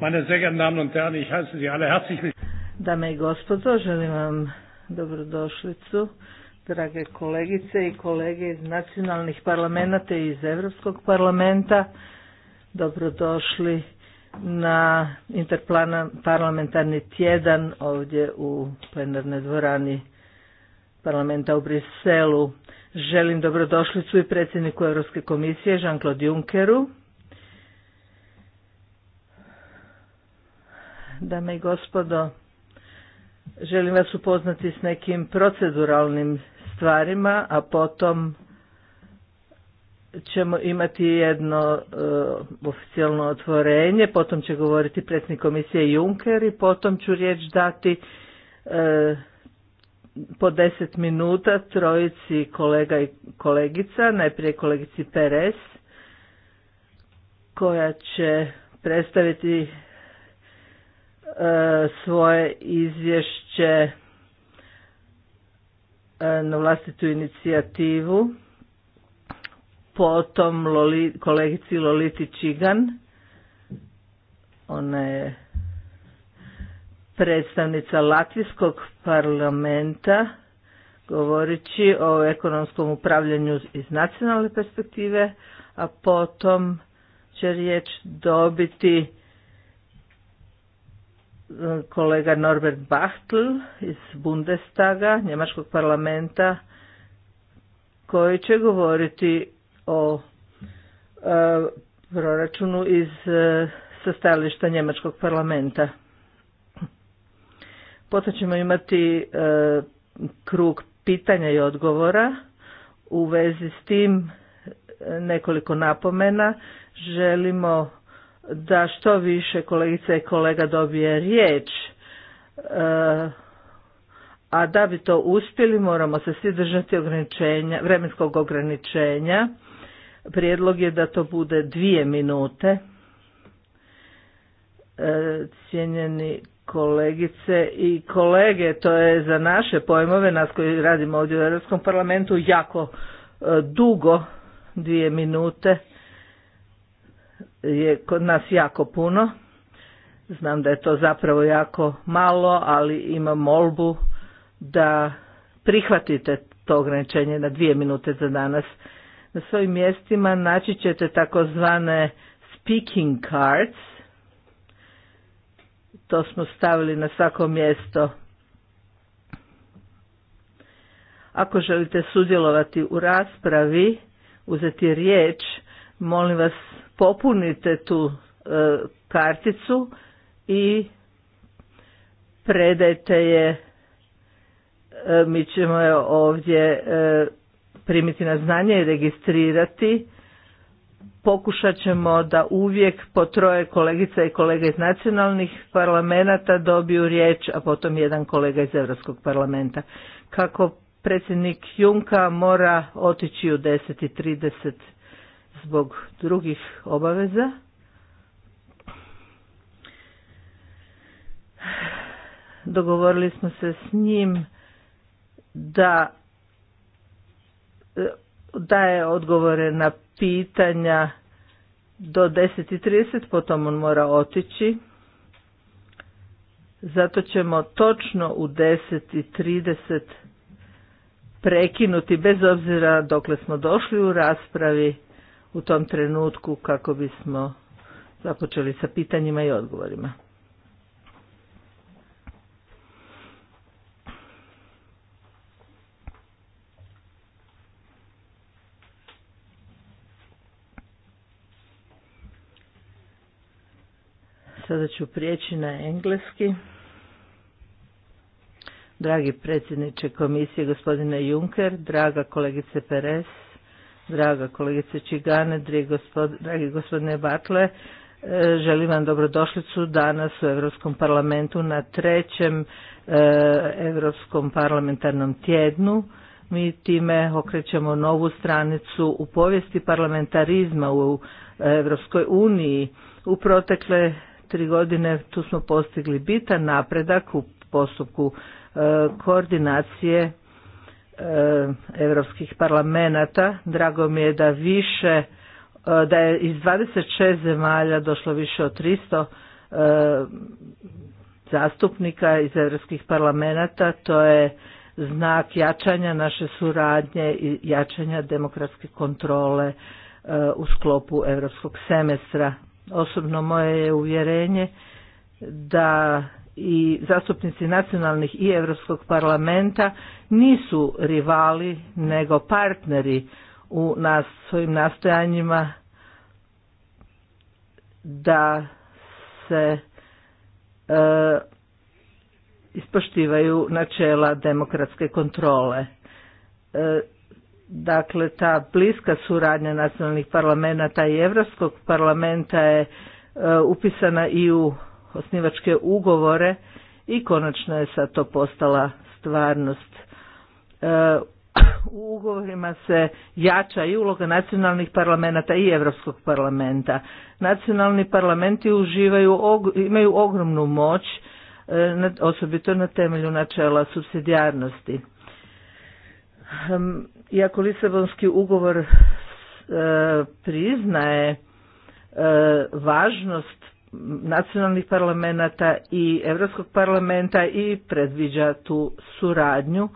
Meine sehr geehrten Damen und Herren, ich heiße Sie alle herzlich willkommen. Dame i gospodo, želim vam dobrodošlicu, drage kolegice i kolege iz nacionalnih parlamenta i iz Europskog parlamenta. Dobrodošli na interparlamentarni tjedan ovdje u plenarnoj dvorani parlamenta u Briselu. Želim dobrodošlicu i predsjedniku Europske komisije Jean-Claude Junckeru dame i gospodo. Želim vas upoznati s nekim proceduralnim stvarima, a potom ćemo imati jedno uh, oficijalno otvorenje, potom će govoriti predsjednik komisije Juncker i potom ću riječ dati e, po deset minuta trojici kolega i kolegica, najprije kolegici Peres, koja će predstaviti svoje izvješće e, na vlastitu inicijativu, potom Loli, kolegici Loliti Čigan, ona je predstavnica Latvijskog parlamenta, govoreći o ekonomskom upravljanju iz nacionalne perspektive, a potom će riječ dobiti kolega Norbert Bachtl iz Bundestaga, Njemačkog parlamenta, koji će govoriti o e, proračunu iz e, Njemačkog parlamenta. Potom ćemo imati e, krug pitanja i odgovora. U vezi s tim e, nekoliko napomena želimo da što više kolegica i kolega dobije riječ. E, a da bi to uspjeli moramo se svi držati ograničenja, vremenskog ograničenja. Prijedlog je da to bude dvije minute. E, cijenjeni kolegice i kolege, to je za naše pojmove, nas koji radimo ovdje u Europskom parlamentu, jako e, dugo, dvije minute je kod nas jako puno. Znam da je to zapravo jako malo, ali imam molbu da prihvatite to ograničenje na dvije minute za danas. Na svojim mjestima naći ćete takozvane speaking cards. To smo stavili na svako mjesto. Ako želite sudjelovati u raspravi, uzeti riječ, molim vas popunite tu e, karticu i predajte je, e, mi ćemo je ovdje e, primiti na znanje i registrirati. Pokušat ćemo da uvijek po troje kolegica i kolega iz nacionalnih parlamenta dobiju riječ, a potom jedan kolega iz Europskog parlamenta. Kako predsjednik Junka mora otići u 10.30 zbog drugih obaveza. Dogovorili smo se s njim da daje odgovore na pitanja do 10.30, potom on mora otići. Zato ćemo točno u 10.30 prekinuti, bez obzira dokle smo došli u raspravi, u tom trenutku kako bismo započeli sa pitanjima i odgovorima. Sada ću prijeći na engleski. Dragi predsjedniče komisije, gospodine Juncker, draga kolegice Perez, Draga kolegice Čigane, dragi gospodine Batle, e, želim vam dobrodošlicu danas u Europskom parlamentu na trećem e, Europskom parlamentarnom tjednu. Mi time okrećemo novu stranicu u povijesti parlamentarizma u Europskoj uniji. U protekle tri godine tu smo postigli bitan napredak u postupku e, koordinacije europskih eh, parlamenata. Drago mi je da više, eh, da je iz 26 zemalja došlo više od 300 eh, zastupnika iz europskih parlamenata. To je znak jačanja naše suradnje i jačanja demokratske kontrole u sklopu europskog semestra. Osobno moje je uvjerenje da i zastupnici nacionalnih i Europskog parlamenta nisu rivali nego partneri u nas, svojim nastojanjima da se e, ispoštivaju načela demokratske kontrole. E, dakle, ta bliska suradnja nacionalnih parlamenta i Europskog parlamenta je e, upisana i u osnivačke ugovore i konačno je sad to postala stvarnost. E, u ugovorima se jača i uloga nacionalnih parlamenta i Europskog parlamenta. Nacionalni parlamenti uživaju, imaju ogromnu moć, e, osobito na temelju načela subsidijarnosti. Iako Lisabonski ugovor e, priznaje važnost nacionalnih parlamenta i Europskog parlamenta i predviđa tu suradnju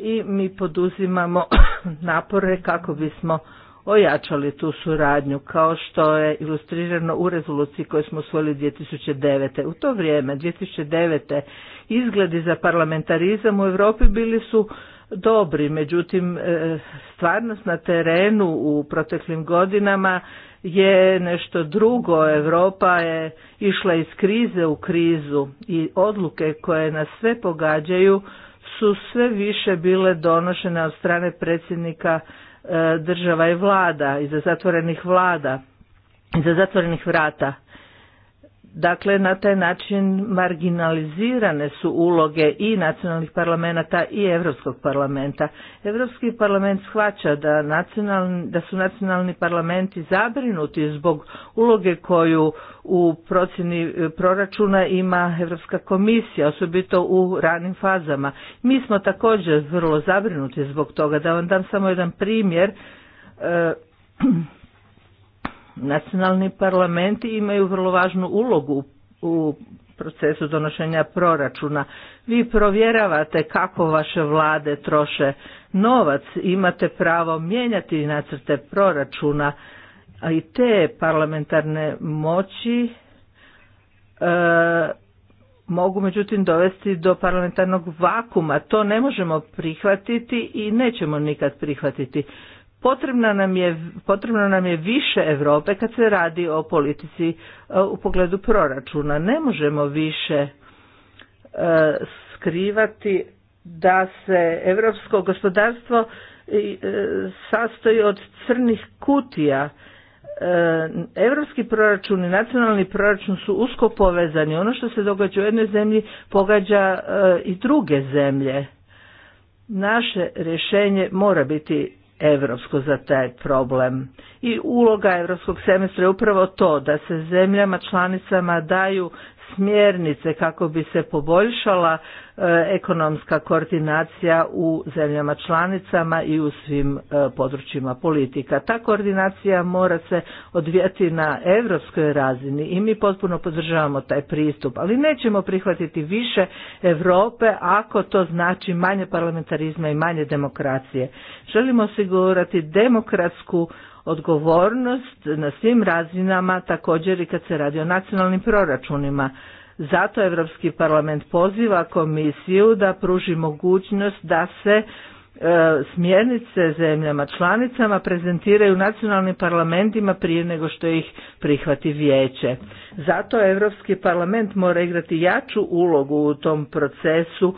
i mi poduzimamo napore kako bismo ojačali tu suradnju kao što je ilustrirano u rezoluciji koju smo usvojili 2009. U to vrijeme 2009. izgledi za parlamentarizam u Europi bili su dobri, međutim e, stvarnost na terenu u proteklim godinama je nešto drugo. Europa je išla iz krize u krizu i odluke koje nas sve pogađaju su sve više bile donošene od strane predsjednika e, država i vlada, iza zatvorenih vlada, iza zatvorenih vrata. Dakle, na taj način marginalizirane su uloge i nacionalnih parlamenta i Europskog parlamenta. Europski parlament shvaća da, da su nacionalni parlamenti zabrinuti zbog uloge koju u procjeni e, proračuna ima Europska komisija, osobito u ranim fazama. Mi smo također vrlo zabrinuti zbog toga. Da vam dam samo jedan primjer. E, Nacionalni parlamenti imaju vrlo važnu ulogu u procesu donošenja proračuna. Vi provjeravate kako vaše vlade troše novac, imate pravo mijenjati nacrte proračuna, a i te parlamentarne moći e, mogu međutim dovesti do parlamentarnog vakuma. To ne možemo prihvatiti i nećemo nikad prihvatiti nam je, potrebno nam je više Europe kad se radi o politici e, u pogledu proračuna. Ne možemo više e, skrivati da se europsko gospodarstvo e, sastoji od crnih kutija. Europski proračun i nacionalni proračun su usko povezani. Ono što se događa u jednoj zemlji pogađa i druge zemlje. Naše rješenje mora biti europsku za taj problem. I uloga europskog semestra je upravo to da se zemljama članicama daju smjernice kako bi se poboljšala e, ekonomska koordinacija u zemljama članicama i u svim e, područjima politika. Ta koordinacija mora se odvijati na europskoj razini i mi potpuno podržavamo taj pristup, ali nećemo prihvatiti više Europe ako to znači manje parlamentarizma i manje demokracije. Želimo osigurati demokratsku odgovornost na svim razinama također i kad se radi o nacionalnim proračunima. Zato Europski parlament poziva komisiju da pruži mogućnost da se e, smjernice zemljama članicama prezentiraju nacionalnim parlamentima prije nego što ih prihvati vijeće. Zato Europski parlament mora igrati jaču ulogu u tom procesu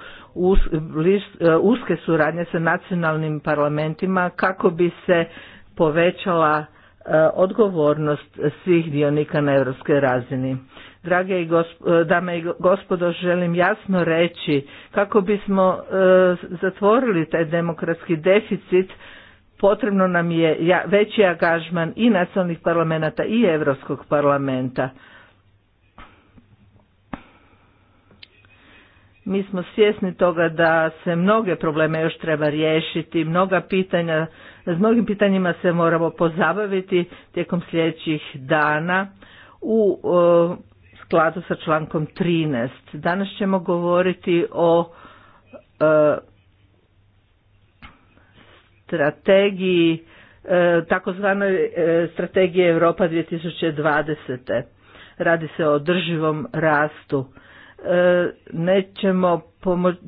e, uske suradnje sa nacionalnim parlamentima kako bi se povećala e, odgovornost svih dionika na europskoj razini. Drage i e, dame i gospodo, želim jasno reći kako bismo e, zatvorili taj demokratski deficit, potrebno nam je veći angažman i nacionalnih parlamenta i Europskog parlamenta. Mi smo svjesni toga da se mnoge probleme još treba riješiti, mnoga pitanja s mnogim pitanjima se moramo pozabaviti tijekom sljedećih dana u e, skladu sa člankom 13. Danas ćemo govoriti o e, strategiji e, takozvanoj Strategije Europa 2020. Radi se o održivom rastu. Nećemo pomoći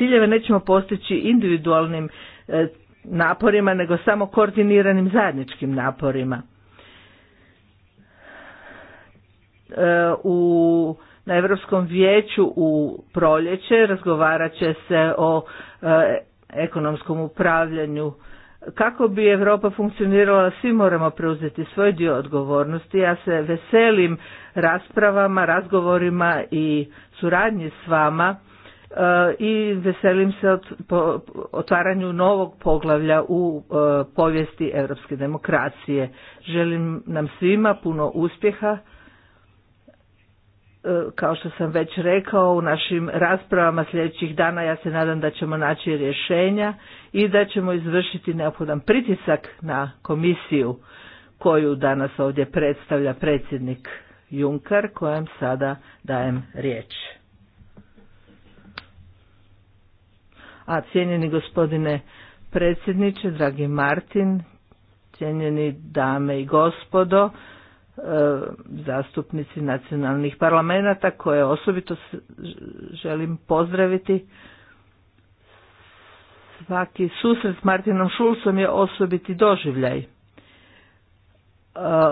ciljeve nećemo postići individualnim e, naporima, nego samo koordiniranim zajedničkim naporima. E, u na Europskom vijeću u proljeće razgovarat će se o e, ekonomskom upravljanju. Kako bi Europa funkcionirala, svi moramo preuzeti svoj dio odgovornosti. Ja se veselim raspravama, razgovorima i suradnji s vama E, i veselim se od otvaranju novog poglavlja u e, povijesti europske demokracije. Želim nam svima puno uspjeha. E, kao što sam već rekao u našim raspravama sljedećih dana ja se nadam da ćemo naći rješenja i da ćemo izvršiti neophodan pritisak na komisiju koju danas ovdje predstavlja predsjednik Junkar kojem sada dajem riječ. A cijenjeni gospodine predsjedniče, dragi Martin, cijenjeni dame i gospodo, e, zastupnici nacionalnih parlamenta koje osobito želim pozdraviti. Svaki susret s Martinom Šulcom je osobiti doživljaj. E,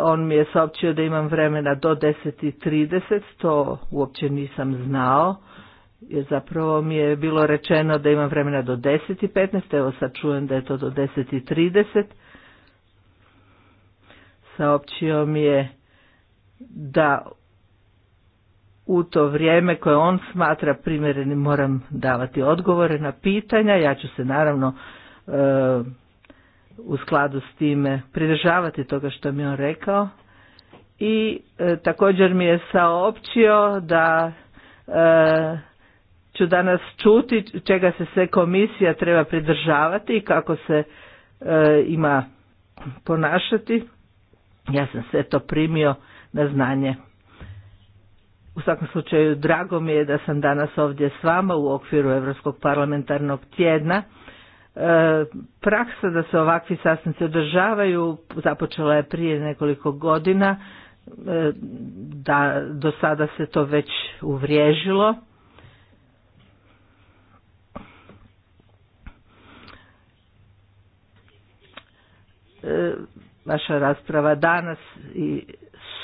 on mi je saopćio da imam vremena do 10.30, to uopće nisam znao. Zapravo mi je bilo rečeno da imam vremena do 10.15, evo sad čujem da je to do 10.30. i Saopćio mi je da u to vrijeme koje on smatra primjerenim moram davati odgovore na pitanja. Ja ću se naravno e, u skladu s time pridržavati toga što mi on rekao. I e, također mi je saopćio da e, ću danas čuti čega se sve komisija treba pridržavati i kako se e, ima ponašati. Ja sam sve to primio na znanje. U svakom slučaju drago mi je da sam danas ovdje s vama u okviru Europskog parlamentarnog tjedna. E, praksa da se ovakvi sastanci održavaju započela je prije nekoliko godina, e, da do sada se to već uvriježilo. naša e, rasprava danas i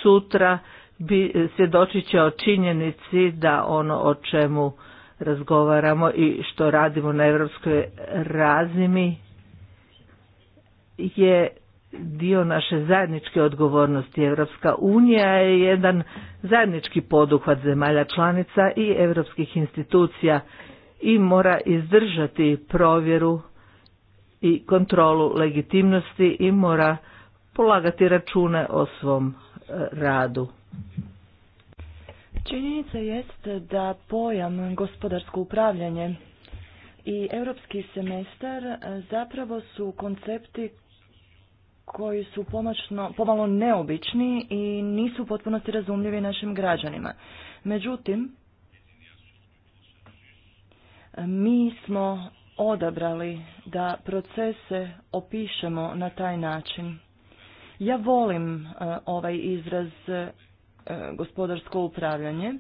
sutra bi e, svjedočit će o činjenici da ono o čemu razgovaramo i što radimo na europskoj razini je dio naše zajedničke odgovornosti. Europska unija je jedan zajednički poduhvat zemalja članica i europskih institucija i mora izdržati provjeru i kontrolu legitimnosti i mora polagati račune o svom e, radu. Činjenica jest da pojam gospodarsko upravljanje i europski semestar e, zapravo su koncepti koji su pomalo neobični i nisu potpuno razumljivi našim građanima. Međutim, mi smo odabrali da procese opišemo na taj način. Ja volim e, ovaj izraz e, gospodarsko upravljanje.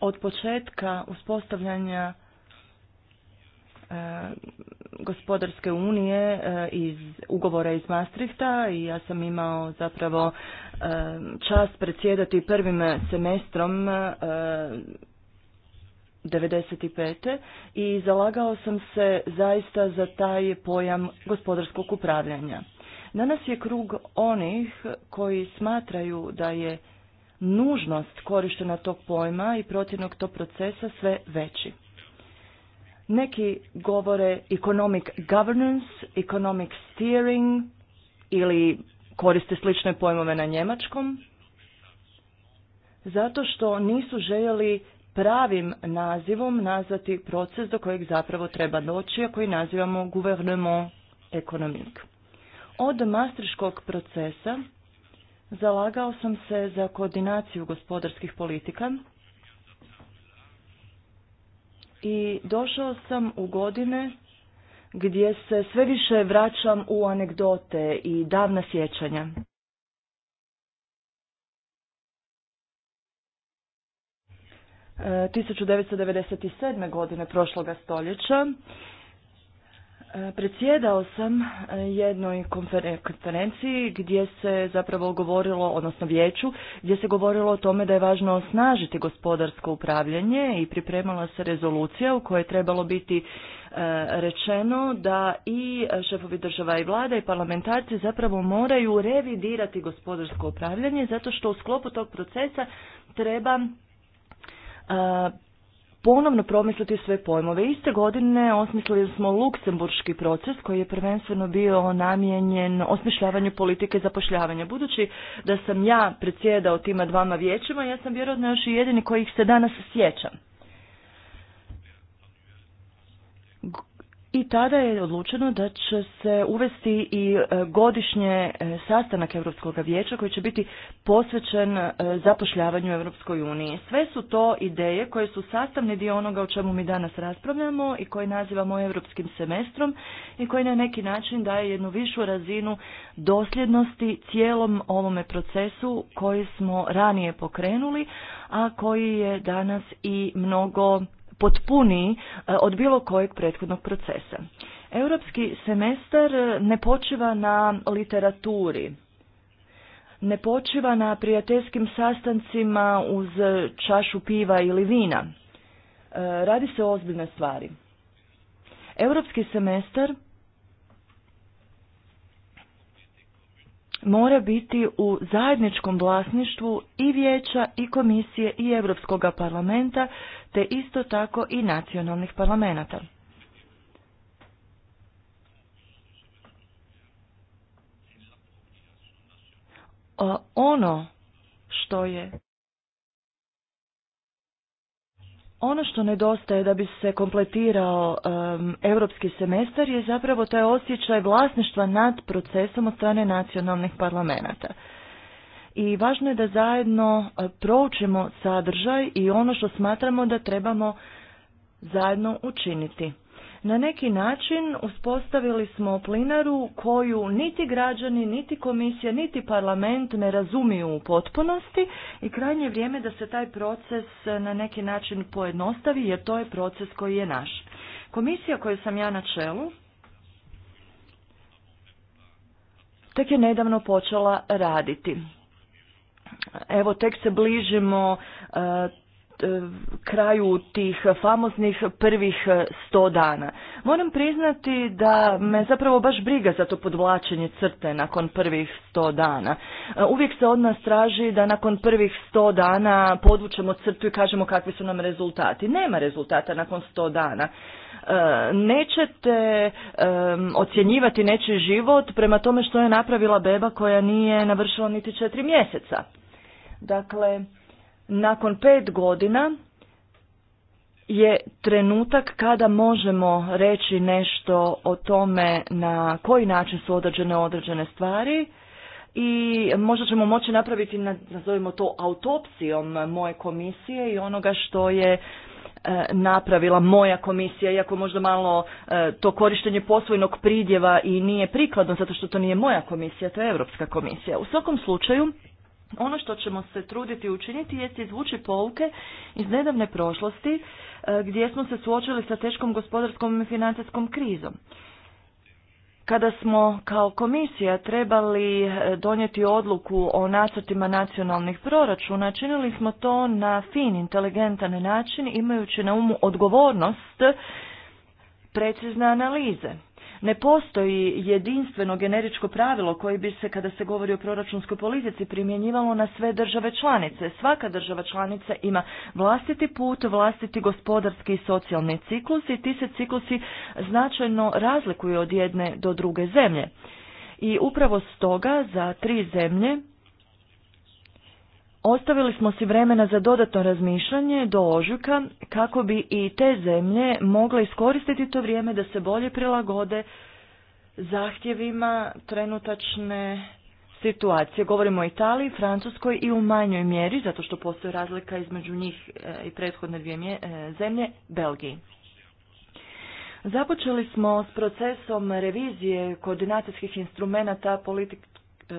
Od početka uspostavljanja e, gospodarske unije iz ugovora iz Maastrichta i ja sam imao zapravo čast predsjedati prvim semestrom 95. i zalagao sam se zaista za taj pojam gospodarskog upravljanja. Danas je krug onih koji smatraju da je nužnost korištena tog pojma i protivnog tog procesa sve veći. Neki govore economic governance, economic steering ili koriste slične pojmove na njemačkom, zato što nisu željeli pravim nazivom nazvati proces do kojeg zapravo treba doći, a koji nazivamo gouvernement ekonomik. Od mastriškog procesa zalagao sam se za koordinaciju gospodarskih politika i došao sam u godine gdje se sve više vraćam u anegdote i davna sjećanja. 1997. godine prošloga stoljeća e, Predsjedao sam jednoj konferenciji gdje se zapravo govorilo, odnosno vijeću, gdje se govorilo o tome da je važno osnažiti gospodarsko upravljanje i pripremala se rezolucija u kojoj je trebalo biti e, rečeno da i šefovi država i vlada i parlamentarci zapravo moraju revidirati gospodarsko upravljanje zato što u sklopu tog procesa treba E, ponovno promisliti sve pojmove. Iste godine osmislili smo luksemburški proces koji je prvenstveno bio namijenjen osmišljavanju politike zapošljavanja. Budući da sam ja predsjedao tima dvama vijećima, ja sam vjerojatno još i jedini kojih se danas sjećam. i tada je odlučeno da će se uvesti i e, godišnje e, sastanak Europskog vijeća koji će biti posvećen e, zapošljavanju Europskoj uniji. Sve su to ideje koje su sastavni dio onoga o čemu mi danas raspravljamo i koje nazivamo europskim semestrom i koji na neki način daje jednu višu razinu dosljednosti cijelom ovome procesu koji smo ranije pokrenuli, a koji je danas i mnogo potpuniji e, od bilo kojeg prethodnog procesa. Europski semestar e, ne počiva na literaturi, ne počiva na prijateljskim sastancima uz čašu piva ili vina. E, radi se o ozbiljnoj stvari. Europski semestar mora biti u zajedničkom vlasništvu i vijeća i komisije i Europskoga parlamenta, te isto tako i nacionalnih parlamenta. Ono što je Ono što nedostaje da bi se kompletirao um, europski semestar je zapravo taj osjećaj vlasništva nad procesom od strane nacionalnih parlamenta. I važno je da zajedno e, proučimo sadržaj i ono što smatramo da trebamo zajedno učiniti. Na neki način uspostavili smo plinaru koju niti građani, niti komisija, niti parlament ne razumiju u potpunosti i krajnje vrijeme da se taj proces na neki način pojednostavi jer to je proces koji je naš. Komisija koju sam ja na čelu tek je nedavno počela raditi. Evo, tek se bližimo e, E, kraju tih famoznih prvih sto dana. Moram priznati da me zapravo baš briga za to podvlačenje crte nakon prvih sto dana. E, uvijek se od nas traži da nakon prvih sto dana podvučemo crtu i kažemo kakvi su nam rezultati. Nema rezultata nakon sto dana. E, nećete ocjenjivati nečiji život prema tome što je napravila beba koja nije navršila niti četiri mjeseca. Dakle, nakon pet godina je trenutak kada možemo reći nešto o tome na koji način su određene određene stvari i možda ćemo moći napraviti, nazovimo to, autopsijom moje komisije i onoga što je e, napravila moja komisija, iako možda malo e, to korištenje posvojnog pridjeva i nije prikladno zato što to nije moja komisija, to je Europska komisija. U svakom slučaju, ono što ćemo se truditi učiniti jest izvući pouke iz nedavne prošlosti e, gdje smo se suočili sa teškom gospodarskom i financijskom krizom. Kada smo kao komisija trebali e, donijeti odluku o nacrtima nacionalnih proračuna, činili smo to na fin, inteligentan način, imajući na umu odgovornost precizne analize. Ne postoji jedinstveno generičko pravilo koje bi se kada se govori o proračunskoj politici primjenjivalo na sve države članice. Svaka država članica ima vlastiti put, vlastiti gospodarski i socijalni ciklus i ti se ciklusi značajno razlikuju od jedne do druge zemlje. I upravo stoga za tri zemlje Ostavili smo si vremena za dodatno razmišljanje do ožujka kako bi i te zemlje mogle iskoristiti to vrijeme da se bolje prilagode zahtjevima trenutačne situacije. Govorimo o Italiji, Francuskoj i u manjoj mjeri, zato što postoji razlika između njih e, i prethodne dvije e, zemlje, Belgiji. Započeli smo s procesom revizije koordinacijskih instrumenata politike. E,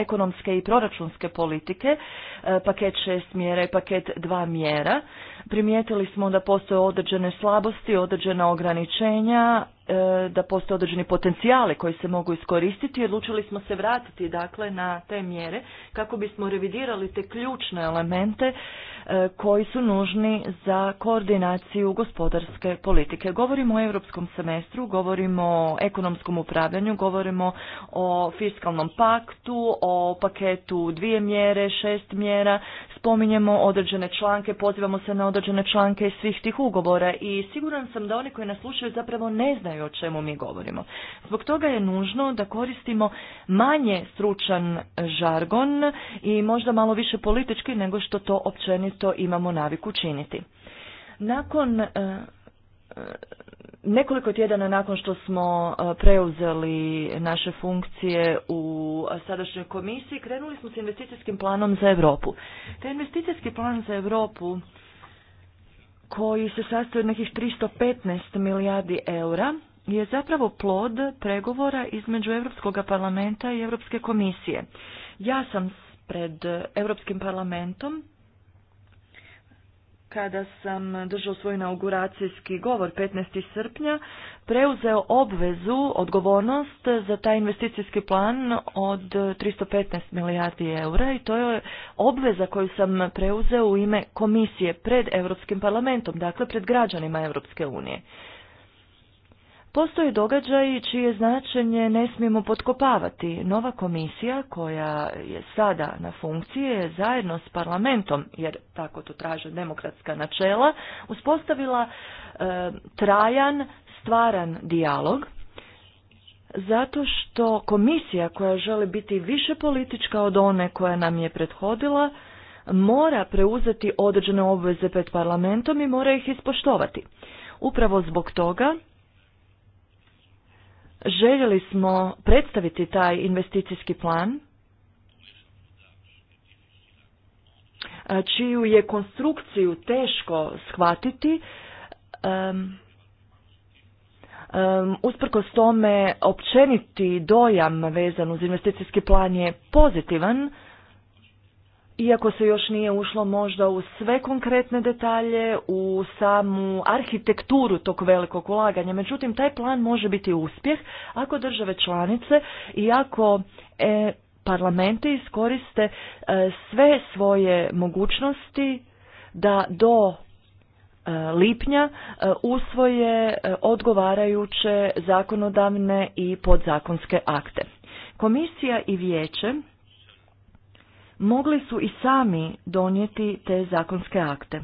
ekonomske i proračunske politike, e, paket šest mjera i paket dva mjera Primijetili smo da postoje određene slabosti, određena ograničenja, e, da postoje određeni potencijale koji se mogu iskoristiti i odlučili smo se vratiti dakle na te mjere kako bismo revidirali te ključne elemente e, koji su nužni za koordinaciju gospodarske politike. Govorimo o europskom semestru, govorimo o ekonomskom upravljanju, govorimo o fiskalnom paktu, o paketu dvije mjere, šest mjera, spominjemo određene članke, pozivamo se na određene članke iz svih tih ugovora i siguran sam da oni koji nas slušaju zapravo ne znaju o čemu mi govorimo. Zbog toga je nužno da koristimo manje stručan žargon i možda malo više politički nego što to općenito imamo naviku činiti. Nakon eh, E, nekoliko tjedana nakon što smo e, preuzeli naše funkcije u sadašnjoj komisiji, krenuli smo s investicijskim planom za Europu. Te investicijski plan za Europu koji se sastoji od nekih 315 milijardi eura je zapravo plod pregovora između Europskog parlamenta i Europske komisije. Ja sam pred Europskim parlamentom kada sam držao svoj inauguracijski govor 15. srpnja, preuzeo obvezu, odgovornost za taj investicijski plan od 315 milijardi eura i to je obveza koju sam preuzeo u ime komisije pred Europskim parlamentom, dakle pred građanima Europske unije. Postoje događaji čije značenje ne smijemo potkopavati. Nova komisija koja je sada na funkciji zajedno s parlamentom, jer tako to traže demokratska načela, uspostavila e, trajan, stvaran dijalog zato što komisija koja želi biti više politička od one koja nam je prethodila, mora preuzeti određene obveze pred parlamentom i mora ih ispoštovati. Upravo zbog toga Željeli smo predstaviti taj investicijski plan čiju je konstrukciju teško shvatiti. Um, s usprkos tome općeniti dojam vezan uz investicijski plan je pozitivan iako se još nije ušlo možda u sve konkretne detalje, u samu arhitekturu tog velikog ulaganja. Međutim, taj plan može biti uspjeh ako države članice i ako e, parlamenti iskoriste e, sve svoje mogućnosti da do e, lipnja e, usvoje odgovarajuće zakonodavne i podzakonske akte. Komisija i vijeće mogli su i sami donijeti te zakonske akte.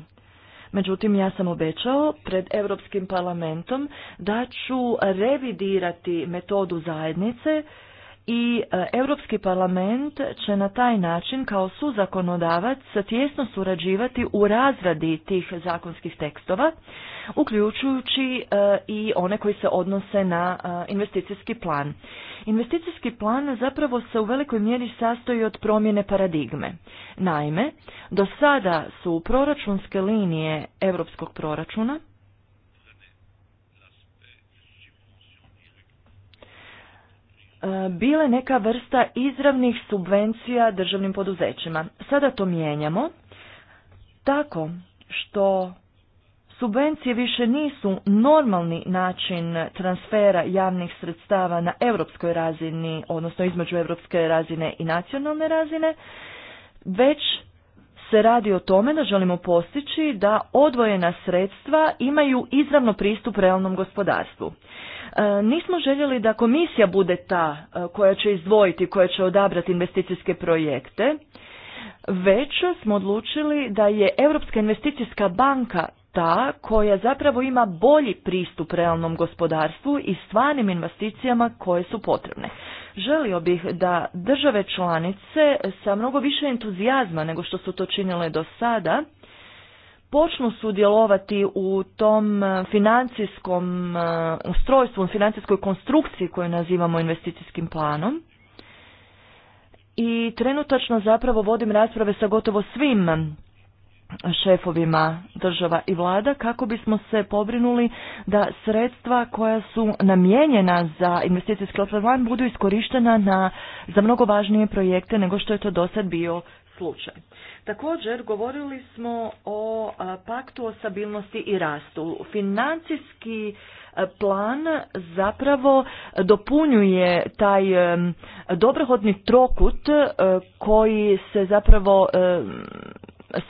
Međutim, ja sam obećao pred Europskim parlamentom da ću revidirati metodu zajednice i e, Europski parlament će na taj način kao suzakonodavac tjesno surađivati u razradi tih zakonskih tekstova, uključujući e, i one koji se odnose na e, investicijski plan. Investicijski plan zapravo se u velikoj mjeri sastoji od promjene paradigme. Naime, do sada su proračunske linije europskog proračuna E, bile neka vrsta izravnih subvencija državnim poduzećima. Sada to mijenjamo tako što subvencije više nisu normalni način transfera javnih sredstava na europskoj razini, odnosno između europske razine i nacionalne razine, već se radi o tome da želimo postići da odvojena sredstva imaju izravno pristup realnom gospodarstvu. E, nismo željeli da komisija bude ta e, koja će izdvojiti, koja će odabrati investicijske projekte, već smo odlučili da je Europska investicijska banka ta koja zapravo ima bolji pristup realnom gospodarstvu i stvarnim investicijama koje su potrebne. Želio bih da države članice sa mnogo više entuzijazma nego što su to činile do sada počnu sudjelovati u tom e, financijskom e, ustrojstvu, u financijskoj konstrukciji koju nazivamo investicijskim planom. I trenutačno zapravo vodim rasprave sa gotovo svim e, šefovima država i vlada kako bismo se pobrinuli da sredstva koja su namijenjena za investicijski plan budu iskorištena na, za mnogo važnije projekte nego što je to do sad bio slučaj. Također, govorili smo o paktu o stabilnosti i rastu. Financijski plan zapravo dopunjuje taj dobrohodni trokut e, koji se zapravo e,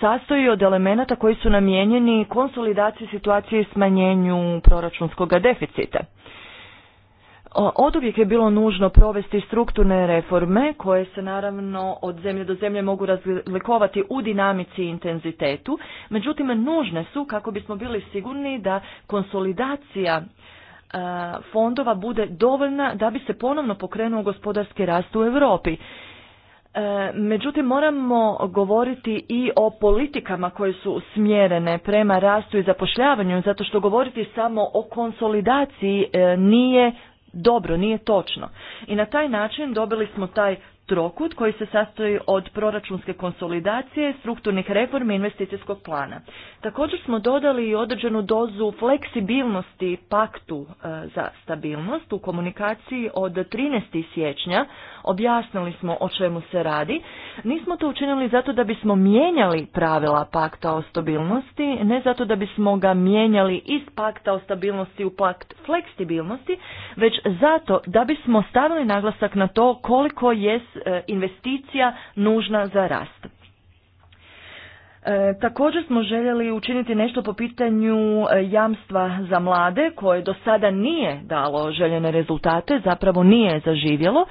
sastoji od elemenata koji su namijenjeni konsolidaciji situacije i smanjenju proračunskog deficita. Od uvijek je bilo nužno provesti strukturne reforme koje se naravno od zemlje do zemlje mogu razlikovati u dinamici i intenzitetu, međutim nužne su kako bismo bili sigurni da konsolidacija e, fondova bude dovoljna da bi se ponovno pokrenuo gospodarski rast u Europi. E, međutim, moramo govoriti i o politikama koje su smjerene prema rastu i zapošljavanju, zato što govoriti samo o konsolidaciji e, nije dobro, nije točno. I na taj način dobili smo taj trokut koji se sastoji od proračunske konsolidacije, strukturnih reformi i investicijskog plana. Također smo dodali i određenu dozu fleksibilnosti paktu e, za stabilnost u komunikaciji od 13. siječnja. Objasnili smo o čemu se radi. Nismo to učinili zato da bismo mijenjali pravila pakta o stabilnosti, ne zato da bismo ga mijenjali iz pakta o stabilnosti u pakt fleksibilnosti, već zato da bismo stavili naglasak na to koliko je E, investicija nužna za rast. E, također smo željeli učiniti nešto po pitanju e, jamstva za mlade koje do sada nije dalo željene rezultate, zapravo nije zaživjelo.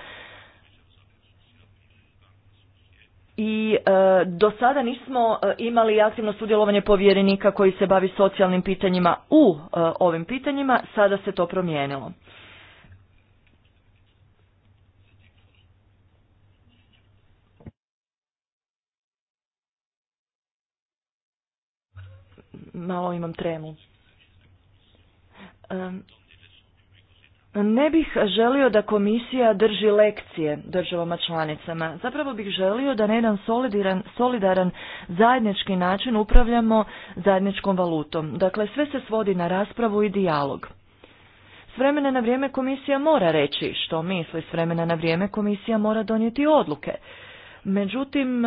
I e, do sada nismo imali aktivno sudjelovanje povjerenika koji se bavi socijalnim pitanjima u ovim pitanjima, sada se to promijenilo. malo imam tremu. Ne bih želio da komisija drži lekcije državama članicama. Zapravo bih želio da na jedan solidaran, solidaran zajednički način upravljamo zajedničkom valutom. Dakle, sve se svodi na raspravu i dijalog. S vremena na vrijeme komisija mora reći što misli, s vremena na vrijeme komisija mora donijeti odluke. Međutim,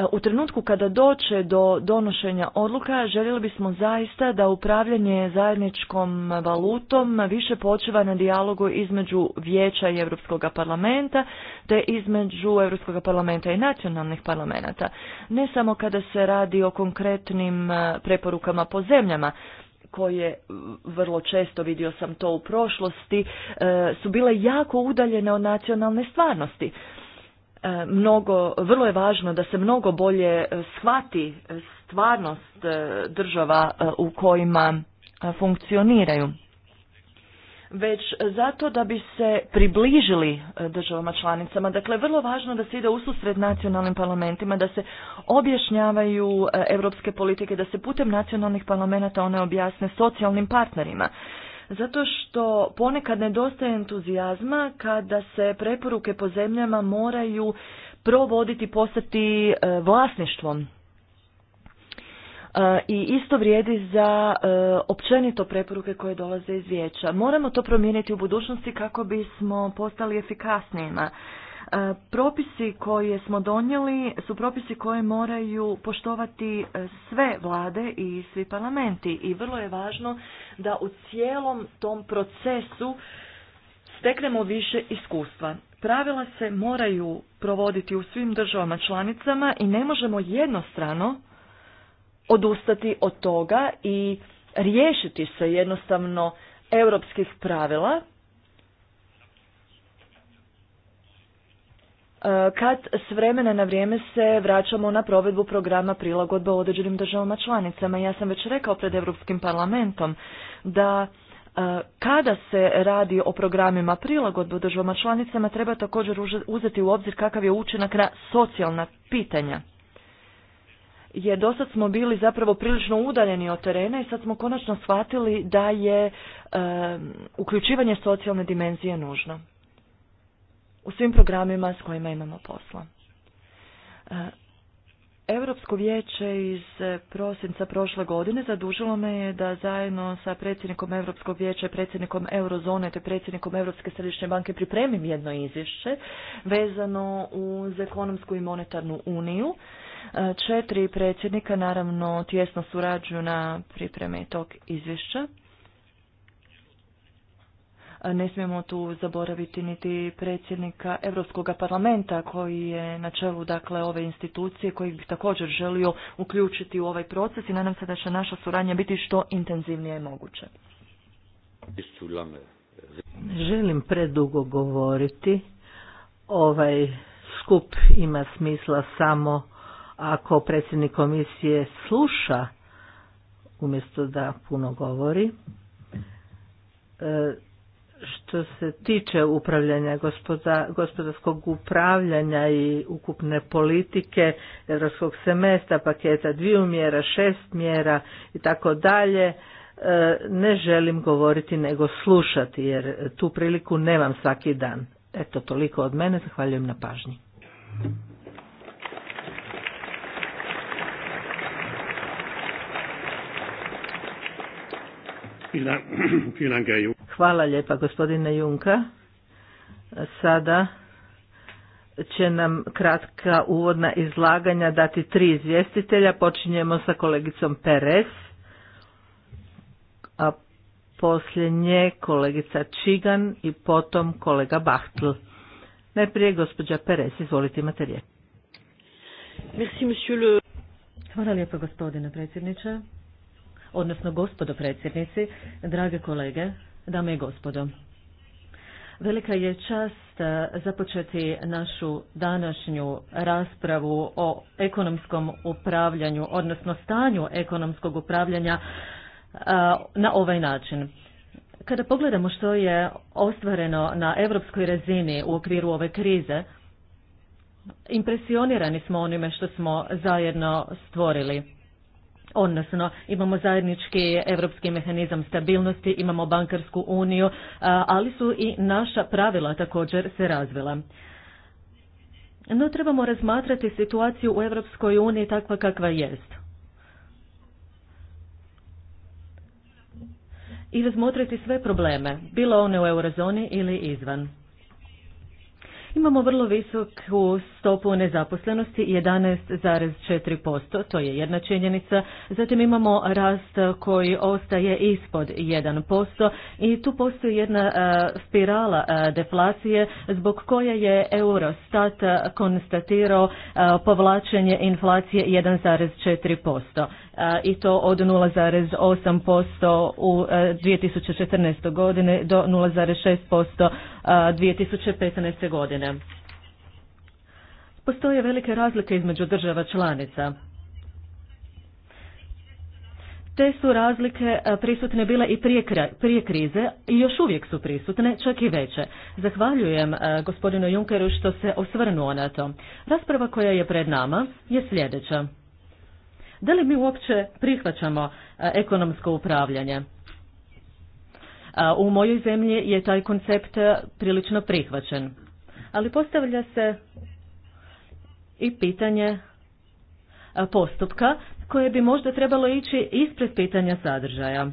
E, u trenutku kada doće do donošenja odluka željeli bismo zaista da upravljanje zajedničkom valutom više počeva na dijalogu između Vijeća i Europskog parlamenta te između Europskog parlamenta i nacionalnih parlamenta. Ne samo kada se radi o konkretnim e, preporukama po zemljama, koje vrlo često vidio sam to u prošlosti, e, su bile jako udaljene od nacionalne stvarnosti. E, mnogo, vrlo je važno da se mnogo bolje e, shvati e, stvarnost država u kojima funkcioniraju. Već zato da bi se približili državama članicama. Dakle, vrlo važno da se ide ususred nacionalnim parlamentima, da se objašnjavaju europske politike, da se putem nacionalnih parlamenta one objasne socijalnim partnerima. Zato što ponekad nedostaje entuzijazma kada se preporuke po zemljama moraju provoditi, postati e, vlasništvom. E, I isto vrijedi za e, općenito preporuke koje dolaze iz vijeća. Moramo to promijeniti u budućnosti kako bismo postali efikasnijima. E, propisi koje smo donijeli su propisi koje moraju poštovati e, sve vlade i svi parlamenti i vrlo je važno da u cijelom tom procesu steknemo više iskustva. Pravila se moraju provoditi u svim državama članicama i ne možemo jednostrano odustati od toga i riješiti se jednostavno europskih pravila Eh, kad s vremena na vrijeme se vraćamo na provedbu programa prilagodbe određenim državama članicama. Ja sam već rekao pred Europskim parlamentom da eh, kada se radi o programima prilagodbe u državama članicama treba također uzeti u obzir kakav je učinak na socijalna pitanja. Jer dosad smo bili zapravo prilično udaljeni od terena i sad smo konačno shvatili da je eh, uključivanje socijalne dimenzije nužno u svim programima s kojima imamo posla. E, Europsko vijeće iz prosinca prošle godine zadužilo me je da zajedno sa predsjednikom Europskog vijeća predsjednikom Eurozone te predsjednikom Europske središnje banke pripremim jedno izvješće vezano uz ekonomsku i monetarnu uniju. E, četiri predsjednika naravno tjesno surađuju na pripremi tog izvješća. Ne smijemo tu zaboraviti niti predsjednika Evropskog parlamenta koji je na čelu dakle ove institucije koji bih također želio uključiti u ovaj proces i nadam se da će naša suradnja biti što intenzivnije moguće. Želim predugo govoriti. Ovaj skup ima smisla samo ako predsjednik komisije sluša umjesto da puno govori. E, što se tiče upravljanja gospodarskog upravljanja i ukupne politike europskog semestra paketa dviju mjera šest mjera i tako dalje e, ne želim govoriti nego slušati jer tu priliku nemam svaki dan eto toliko od mene zahvaljujem na pažnji Vielen Dank, Hvala lijepa gospodine Junka. Sada će nam kratka uvodna izlaganja dati tri izvjestitelja. Počinjemo sa kolegicom Perez, a poslije nje kolegica Čigan i potom kolega Bahtl. Najprije gospođa Perez, izvolite imate riječ. Hvala lijepo gospodine predsjedniče, odnosno gospodo predsjednici, drage kolege, dame i gospodo. Velika je čast eh, započeti našu današnju raspravu o ekonomskom upravljanju, odnosno stanju ekonomskog upravljanja eh, na ovaj način. Kada pogledamo što je ostvareno na europskoj razini u okviru ove krize, impresionirani smo onime što smo zajedno stvorili. Odnosno, imamo zajednički europski mehanizam stabilnosti, imamo bankarsku uniju, ali su i naša pravila također se razvila. No trebamo razmatrati situaciju u Europskoj uniji takva kakva jest. I razmotriti sve probleme, bilo one u eurozoni ili izvan. Imamo vrlo visoku stopu nezaposlenosti, 11,4%, to je jedna činjenica. Zatim imamo rast koji ostaje ispod 1% i tu postoji jedna e, spirala e, deflacije zbog koje je Eurostat e, konstatirao povlačenje inflacije 1,4%. E, i to od 0,8% u 2014. E, godine do 0,6% 2015. E, godine. Postoje velike razlike između država članica. Te su razlike prisutne bile i prije, krize i još uvijek su prisutne, čak i veće. Zahvaljujem gospodinu Junkeru što se osvrnuo na to. Rasprava koja je pred nama je sljedeća. Da li mi uopće prihvaćamo e, ekonomsko upravljanje? E, u mojoj zemlji je taj koncept e, prilično prihvaćen. Ali postavlja se i pitanje postupka koje bi možda trebalo ići ispred pitanja sadržaja.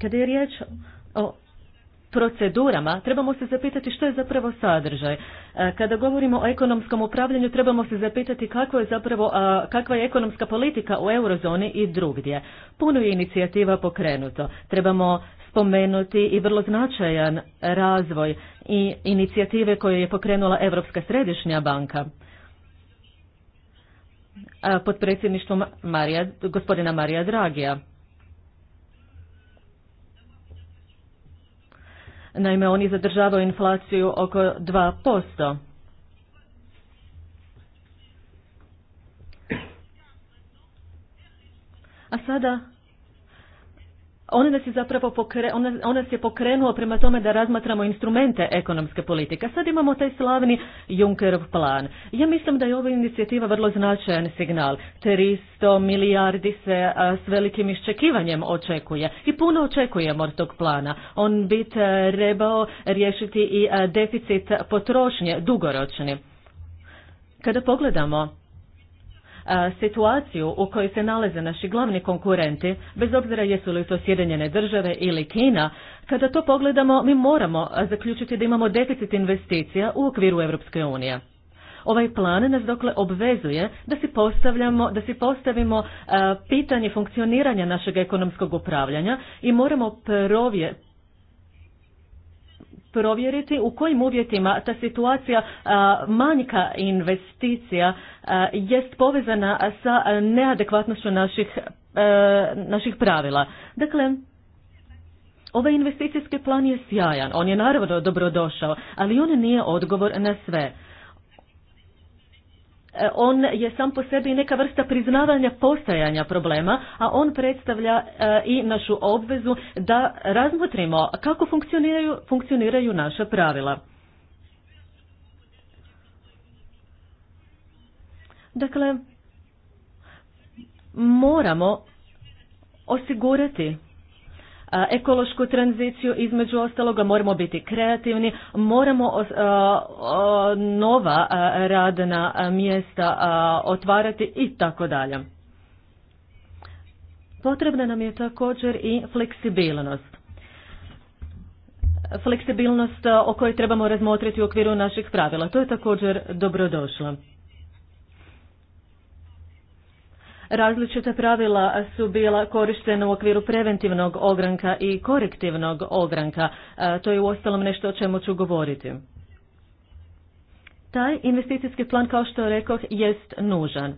Kada je riječ o procedurama, trebamo se zapitati što je zapravo sadržaj. E, kada govorimo o ekonomskom upravljanju, trebamo se zapitati kako je zapravo, kakva je ekonomska politika u eurozoni i drugdje. Puno je inicijativa pokrenuto. Trebamo spomenuti i vrlo značajan razvoj i inicijative koje je pokrenula Europska središnja banka pod predsjedništvom Marija, gospodina Marija Dragija. Naime, oni zadržavaju inflaciju oko 2%. A sada on nas je zapravo pokre, nas je pokrenuo prema tome da razmatramo instrumente ekonomske politike. Sad imamo taj slavni Junckerov plan. Ja mislim da je ova inicijativa vrlo značajan signal. 300 milijardi se s velikim iščekivanjem očekuje i puno očekujemo od tog plana. On bi trebao riješiti i deficit potrošnje dugoročni. Kada pogledamo situaciju u kojoj se nalaze naši glavni konkurenti, bez obzira jesu li to Sjedinjene države ili Kina, kada to pogledamo mi moramo zaključiti da imamo deficit investicija u okviru Europske unije. Ovaj plan nas dokle obvezuje da si postavljamo, da postavimo pitanje funkcioniranja našeg ekonomskog upravljanja i moramo provje, provjeriti u kojim uvjetima ta situacija manjka investicija jest povezana sa neadekvatnošću naših, naših pravila. Dakle, ovaj investicijski plan je sjajan, on je naravno dobrodošao, ali on nije odgovor na sve. E, on je sam po sebi neka vrsta priznavanja postajanja problema, a on predstavlja e, i našu obvezu da razmotrimo kako funkcioniraju, funkcioniraju naša pravila. Dakle, moramo osigurati ekološku tranziciju, između ostaloga moramo biti kreativni, moramo nova radna mjesta otvarati i tako dalje. Potrebna nam je također i fleksibilnost. Fleksibilnost o kojoj trebamo razmotriti u okviru naših pravila. To je također dobrodošlo. Različita pravila su bila korištena u okviru preventivnog ogranka i korektivnog ogranka. E, to je u ostalom nešto o čemu ću govoriti. Taj investicijski plan, kao što rekoh, jest nužan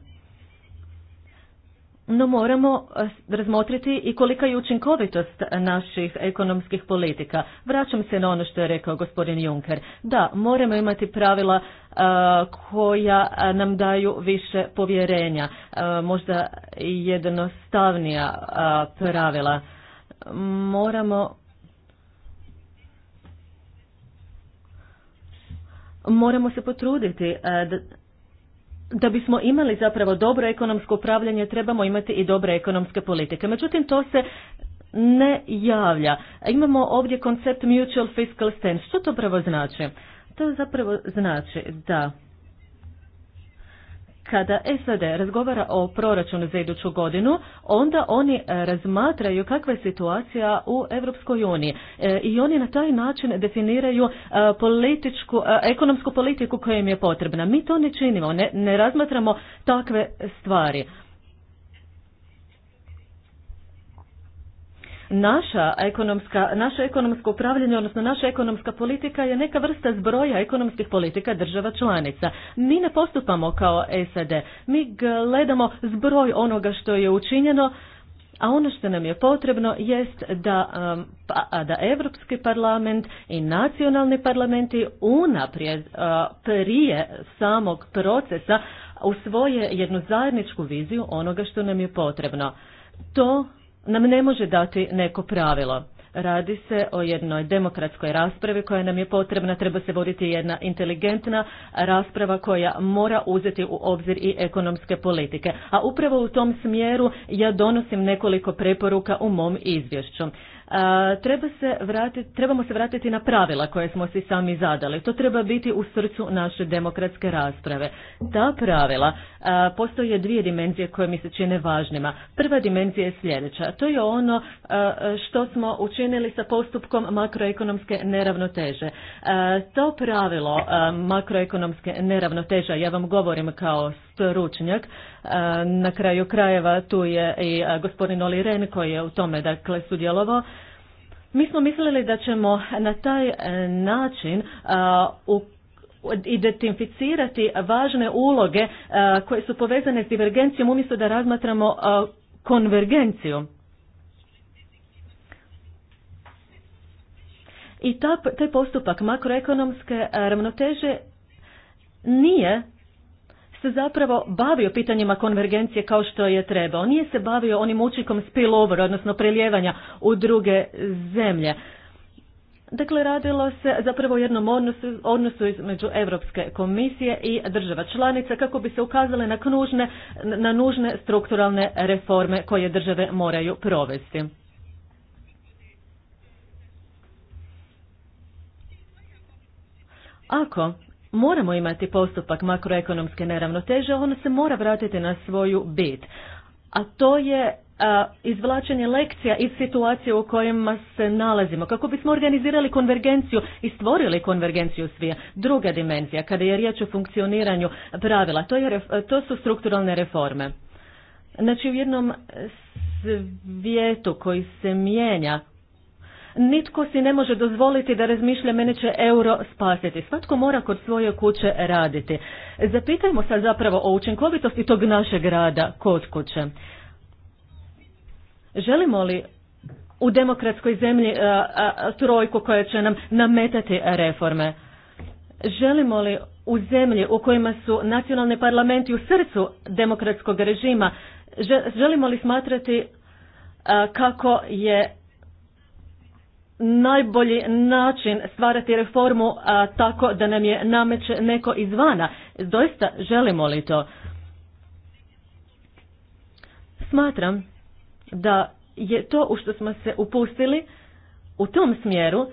no moramo eh, razmotriti i kolika je učinkovitost naših ekonomskih politika. Vraćam se na ono što je rekao gospodin Juncker. Da, moramo imati pravila eh, koja eh, nam daju više povjerenja, možda jednostavnija pravila. Moramo moramo se potruditi da bismo imali zapravo dobro ekonomsko upravljanje, trebamo imati i dobre ekonomske politike. Međutim, to se ne javlja. Imamo ovdje koncept mutual fiscal stance. Što to pravo znači? To zapravo znači da kada SAD razgovara o proračunu za iduću godinu, onda oni e, razmatraju kakva je situacija u Europskoj uniji e, i oni na taj način definiraju e, političku, ekonomsku politiku koja im je potrebna. Mi to ne činimo, ne razmatramo takve stvari. naša ekonomska, naše ekonomsko upravljanje, odnosno naša ekonomska politika je neka vrsta zbroja ekonomskih politika država članica. Mi ne postupamo kao SAD, mi gledamo zbroj onoga što je učinjeno, a ono što nam je potrebno jest da, um, pa, da Europski parlament i nacionalni parlamenti unaprijed uh, prije samog procesa usvoje jednu zajedničku viziju onoga što nam je potrebno. To nam ne može dati neko pravilo. Radi se o jednoj demokratskoj raspravi koja nam je potrebna, treba se voditi jedna inteligentna rasprava koja mora uzeti u obzir i ekonomske politike. A upravo u tom smjeru ja donosim nekoliko preporuka u mom izvješću. Treba se vratiti, trebamo se vratiti na pravila koje smo si sami zadali. To treba biti u srcu naše demokratske rasprave. Ta pravila postoje dvije dimenzije koje mi se čine važnima. Prva dimenzija je sljedeća. To je ono što smo učinili sa postupkom makroekonomske neravnoteže. To pravilo makroekonomske neravnoteže, ja vam govorim kao stručnjak. E, na kraju krajeva tu je i e, gospodin Oli Ren koji je u tome dakle sudjelovao. Mi smo mislili da ćemo na taj e, način identificirati važne uloge koje su povezane s divergencijom umjesto da razmatramo konvergenciju. I taj postupak makroekonomske ravnoteže nije se zapravo bavio pitanjima konvergencije kao što je trebao. Nije se bavio onim učinkom spillover, odnosno prelijevanja u druge zemlje. Dakle, radilo se zapravo o jednom odnosu, odnosu između Europske komisije i država članica kako bi se ukazale na, knužne, na nužne strukturalne reforme koje države moraju provesti. Ako moramo imati postupak makroekonomske neravnoteže, on se mora vratiti na svoju bit. A to je izvlačenje lekcija iz situacije u kojima se nalazimo, kako bismo organizirali konvergenciju i stvorili konvergenciju svija. Druga dimenzija, kada je riječ o funkcioniranju pravila, to, je, to su strukturalne reforme. Znači u jednom svijetu koji se mijenja, Nitko si ne može dozvoliti da razmišlja mene će euro spasiti. Svatko mora kod svoje kuće raditi. Zapitajmo sad zapravo o učinkovitosti tog našeg rada kod kuće. Želimo li u demokratskoj zemlji trojku koja će nam nametati reforme? Želimo li u zemlji u kojima su nacionalni parlamenti u srcu demokratskog režima, želimo li smatrati kako je najbolji način stvarati reformu a, tako da nam je nameće neko izvana. Doista želimo li to? Smatram da je to u što smo se upustili u tom smjeru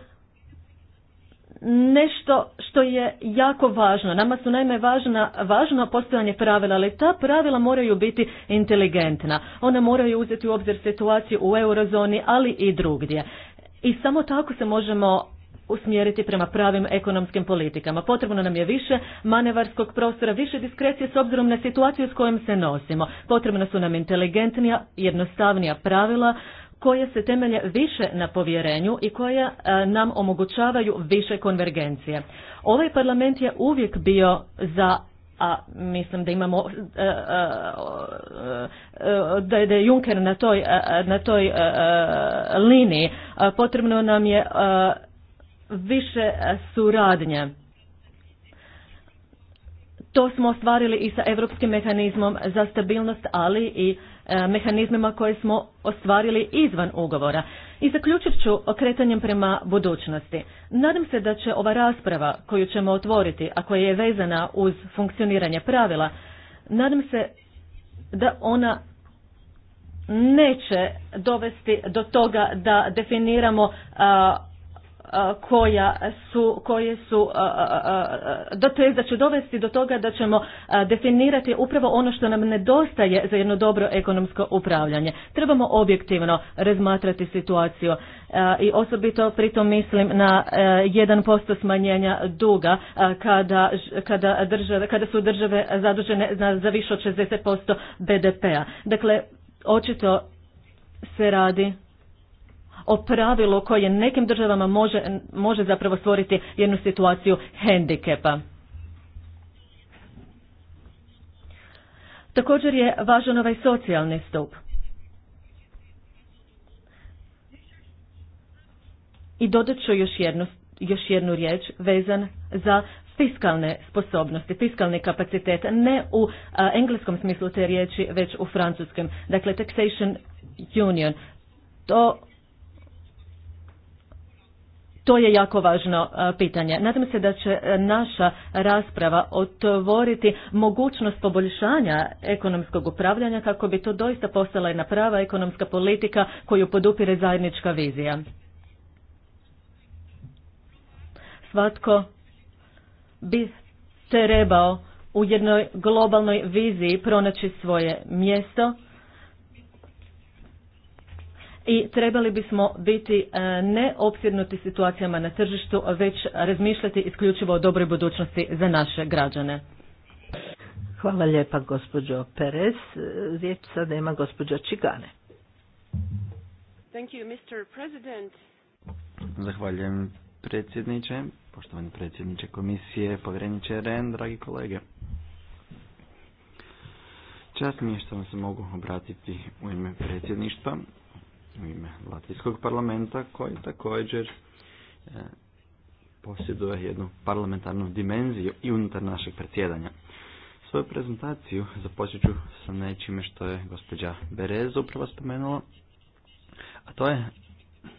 nešto što je jako važno. Nama su naime važna, važno postojanje pravila, ali ta pravila moraju biti inteligentna. Ona moraju uzeti u obzir situaciju u eurozoni, ali i drugdje i samo tako se možemo usmjeriti prema pravim ekonomskim politikama. Potrebno nam je više manevarskog prostora, više diskrecije s obzirom na situaciju s kojom se nosimo. Potrebna su nam inteligentnija, jednostavnija pravila koje se temelje više na povjerenju i koja e, nam omogućavaju više konvergencije. Ovaj parlament je uvijek bio za a mislim da imamo e, e, e, da je Juncker na toj, na toj liniji potrebno nam je više suradnje to smo ostvarili i sa europskim mehanizmom za stabilnost ali i E, mehanizmima koje smo ostvarili izvan ugovora. I zaključit ću okretanjem prema budućnosti. Nadam se da će ova rasprava koju ćemo otvoriti, a koja je vezana uz funkcioniranje pravila, nadam se da ona neće dovesti do toga da definiramo koja su, koje su, da to da će dovesti do toga da ćemo definirati upravo ono što nam nedostaje za jedno dobro ekonomsko upravljanje. Trebamo objektivno razmatrati situaciju i osobito pritom mislim na 1% smanjenja duga kada, kada, države, kada su države zadužene za više od 60% BDP-a. Dakle, očito se radi o pravilu koje nekim državama može, može zapravo stvoriti jednu situaciju hendikepa. Također je važan ovaj socijalni stup. I dodat ću još jednu, još jednu riječ vezan za fiskalne sposobnosti, fiskalni kapacitet, ne u engleskom smislu te riječi, već u francuskom. Dakle, taxation union. To to je jako važno e, pitanje. Nadam se da će e, naša rasprava otvoriti mogućnost poboljšanja ekonomskog upravljanja kako bi to doista postala jedna prava ekonomska politika koju podupire zajednička vizija. Svatko bi trebao u jednoj globalnoj viziji pronaći svoje mjesto i trebali bismo biti e, ne opsjednuti situacijama na tržištu, već razmišljati isključivo o dobroj budućnosti za naše građane. Hvala lijepa gospođo Perez. Riječ sada ima gospođa Čigane. Thank you, Mr. President. Zahvaljujem predsjedniče, poštovani predsjedniče komisije, povjereniče REN, dragi kolege. Čast mi je što vam se mogu obratiti u ime predsjedništva u ime Latvijskog parlamenta koji također e, posjeduje jednu parlamentarnu dimenziju i unutar našeg predsjedanja. Svoju prezentaciju započet ću sa nečime što je gospođa Bereza upravo spomenula, a to je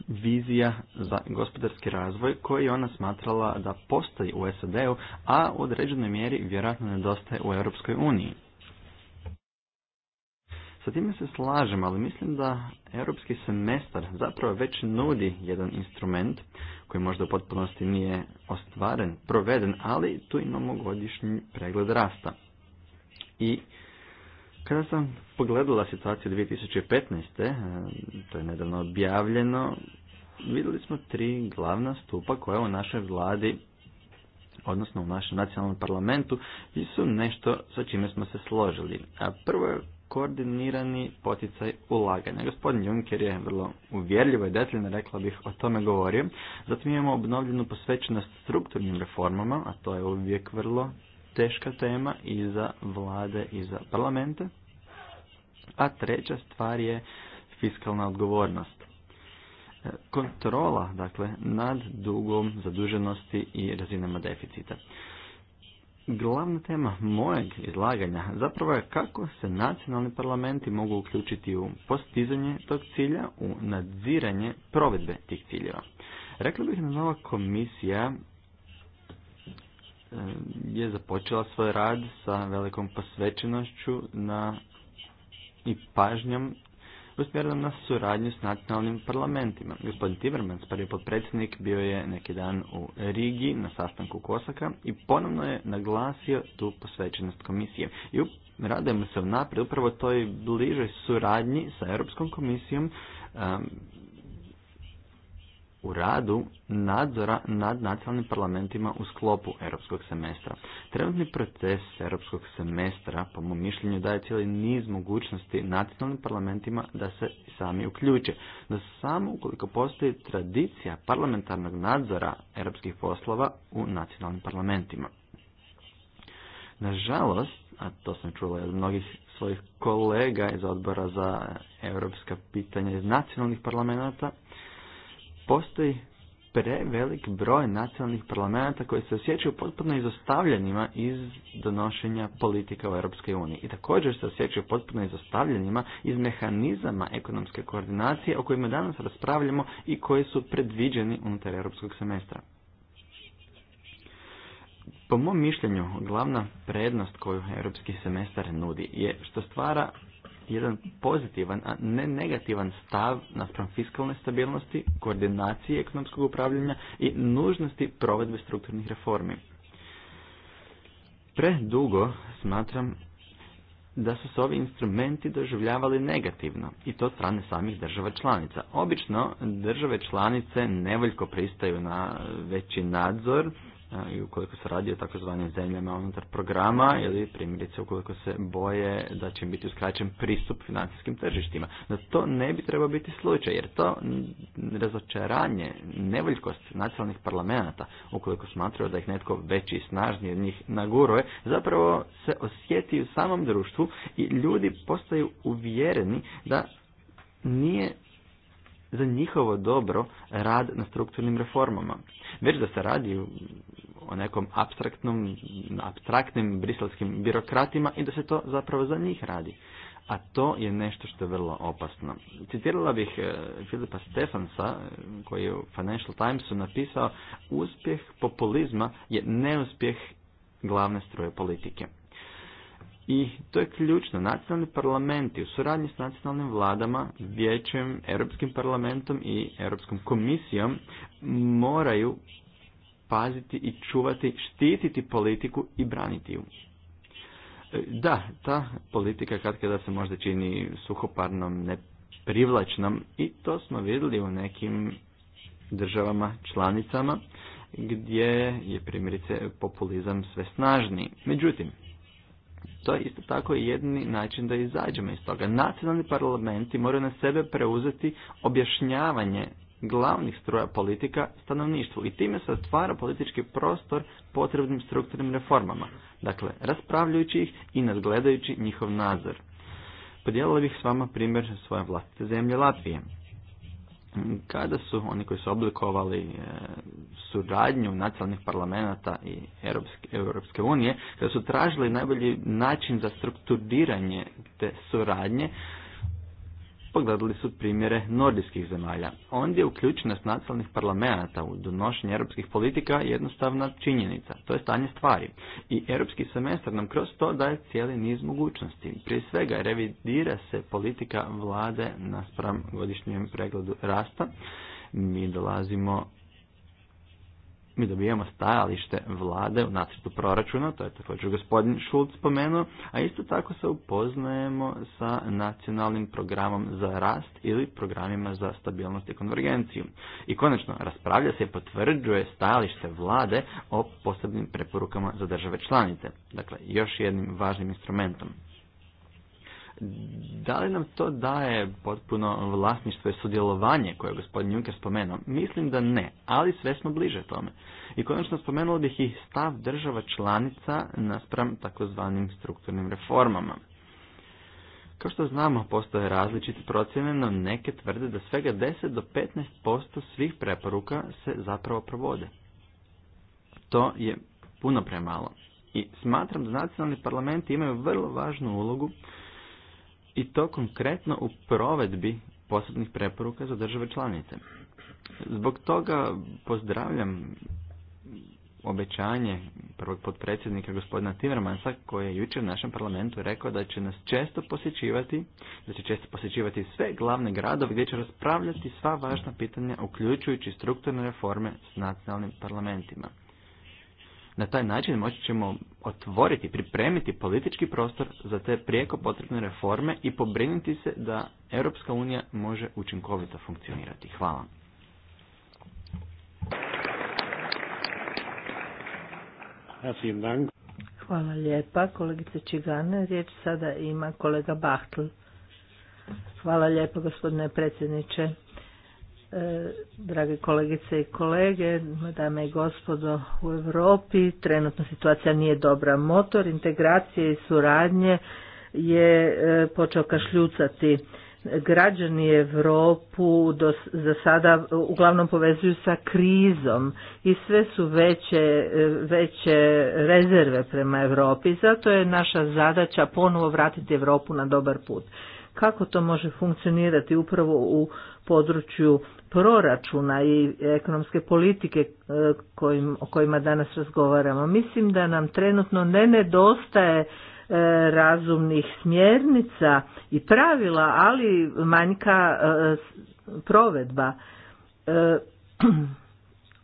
vizija za gospodarski razvoj koji je ona smatrala da postoji u SAD-u, a u određenoj mjeri vjerojatno nedostaje u Europskoj uniji. Sa time se slažem, ali mislim da europski semestar zapravo već nudi jedan instrument koji možda u potpunosti nije ostvaren, proveden, ali tu imamo godišnji pregled rasta. I kada sam pogledala situaciju 2015. Eh, to je nedavno objavljeno, vidjeli smo tri glavna stupa koja u našoj vladi odnosno u našem nacionalnom parlamentu, i su nešto sa čime smo se složili. A prvo je koordinirani poticaj ulaganja. Gospodin Juncker je vrlo uvjerljivo i detaljno rekla bih o tome govorio. Zatim imamo obnovljenu posvećenost strukturnim reformama, a to je uvijek vrlo teška tema i za vlade i za parlamente. A treća stvar je fiskalna odgovornost. Kontrola, dakle, nad dugom zaduženosti i razinama deficita. Glavna tema mojeg izlaganja zapravo je kako se nacionalni parlamenti mogu uključiti u postizanje tog cilja, u nadziranje provedbe tih ciljeva. Rekla bih da nova komisija eh, je započela svoj rad sa velikom posvećenošću na i pažnjom usmjereno na suradnju s nacionalnim parlamentima. Gospodin Timmermans, prvi potpredsjednik, bio je neki dan u Rigi na sastanku Kosaka i ponovno je naglasio tu posvećenost komisije. I radujemo se unaprijed upravo toj bližoj suradnji sa Europskom komisijom u radu nadzora nad nacionalnim parlamentima u sklopu europskog semestra. Trenutni proces europskog semestra, po mom mišljenju, daje cijeli niz mogućnosti nacionalnim parlamentima da se sami uključe. Da samo ukoliko postoji tradicija parlamentarnog nadzora europskih poslova u nacionalnim parlamentima. Nažalost, a to sam čula od mnogih svojih kolega iz odbora za europska pitanja iz nacionalnih parlamenta, postoji prevelik broj nacionalnih parlamenta koji se osjećaju potpuno izostavljenima iz donošenja politika u EU. I također se osjećaju potpuno izostavljenima iz mehanizama ekonomske koordinacije o kojima danas raspravljamo i koji su predviđeni unutar europskog semestra. Po mom mišljenju, glavna prednost koju europski semestar nudi je što stvara jedan pozitivan, a ne negativan stav naspram fiskalne stabilnosti, koordinacije ekonomskog upravljanja i nužnosti provedbe strukturnih reformi. Predugo smatram da su se ovi instrumenti doživljavali negativno i to strane samih država članica. Obično države članice nevoljko pristaju na veći nadzor i ukoliko se radi o takozvanim zemljama unutar programa ili primjerice ukoliko se boje da će biti uskraćen pristup financijskim tržištima. da to ne bi trebao biti slučaj jer to razočaranje, nevoljkost nacionalnih parlamenta ukoliko smatraju da ih netko veći i snažniji od njih naguruje, zapravo se osjeti u samom društvu i ljudi postaju uvjereni da nije za njihovo dobro rad na strukturnim reformama. Već da se radi o nekom abstraktnom, abstraktnim briselskim birokratima i da se to zapravo za njih radi. A to je nešto što je vrlo opasno. Citirala bih e, Filipa Stefansa, e, koji je u Financial Timesu napisao uspjeh populizma je neuspjeh glavne struje politike. I to je ključno. Nacionalni parlamenti u suradnji s nacionalnim vladama, vijećem, Europskim parlamentom i Europskom komisijom moraju paziti i čuvati, štititi politiku i braniti ju. E, da, ta politika kad kada se možda čini suhoparnom, neprivlačnom i to smo vidjeli u nekim državama, članicama, gdje je primjerice populizam sve snažniji. Međutim, to je isto tako jedini način da izađemo iz toga. Nacionalni parlamenti moraju na sebe preuzeti objašnjavanje glavnih struja politika stanovništvu i time se stvara politički prostor potrebnim strukturnim reformama, dakle raspravljajući ih i nadgledajući njihov nadzor. Podijelila bih s vama primjer svoje vlastite zemlje Latvije kada su oni koji su oblikovali e, suradnju nacionalnih parlamenta i Europske, unije, kada su tražili najbolji način za strukturiranje te suradnje, pogledali su primjere nordijskih zemalja. Ondje je uključenost nacionalnih parlamenta u donošenje europskih politika jednostavna činjenica. To je stanje stvari. I europski semestar nam kroz to daje cijeli niz mogućnosti. Prije svega revidira se politika vlade na spram godišnjem pregledu rasta. Mi dolazimo mi dobijamo stajalište vlade u nacrtu proračuna, to je također gospodin Šulc spomenuo, a isto tako se upoznajemo sa nacionalnim programom za rast ili programima za stabilnost i konvergenciju. I konačno, raspravlja se i potvrđuje stajalište vlade o posebnim preporukama za države članice, dakle još jednim važnim instrumentom da li nam to daje potpuno vlasništvo i sudjelovanje koje je gospodin Juncker spomenuo? Mislim da ne, ali sve smo bliže tome. I konačno spomenuo bih i stav država članica naspram takozvanim strukturnim reformama. Kao što znamo, postoje različite procjene, no neke tvrde da svega 10 do 15% svih preporuka se zapravo provode. To je puno premalo. I smatram da nacionalni parlamenti imaju vrlo važnu ulogu i to konkretno u provedbi posebnih preporuka za države članice. Zbog toga pozdravljam obećanje prvog potpredsjednika gospodina Timmermansa koji je jučer u našem parlamentu rekao da će nas često posjećivati, da će često posjećivati sve glavne gradove gdje će raspravljati sva važna pitanja uključujući strukturne reforme s nacionalnim parlamentima. Na taj način moći ćemo otvoriti, pripremiti politički prostor za te prijeko potrebne reforme i pobrinuti se da Europska unija može učinkovito funkcionirati. Hvala. Hvala lijepa. Kolegice Čigane, riječ sada ima kolega Bahtl. Hvala lijepa gospodine predsjedniče. Drage kolegice i kolege, dame i gospodo u Europi, trenutno situacija nije dobra. Motor integracije i suradnje je e, počeo kašljucati. Građani Europu za sada e, uglavnom povezuju sa krizom i sve su veće, e, veće rezerve prema Europi. Zato je naša zadaća ponovo vratiti Europu na dobar put kako to može funkcionirati upravo u području proračuna i ekonomske politike e, kojim, o kojima danas razgovaramo. Mislim da nam trenutno ne nedostaje e, razumnih smjernica i pravila, ali manjka e, provedba.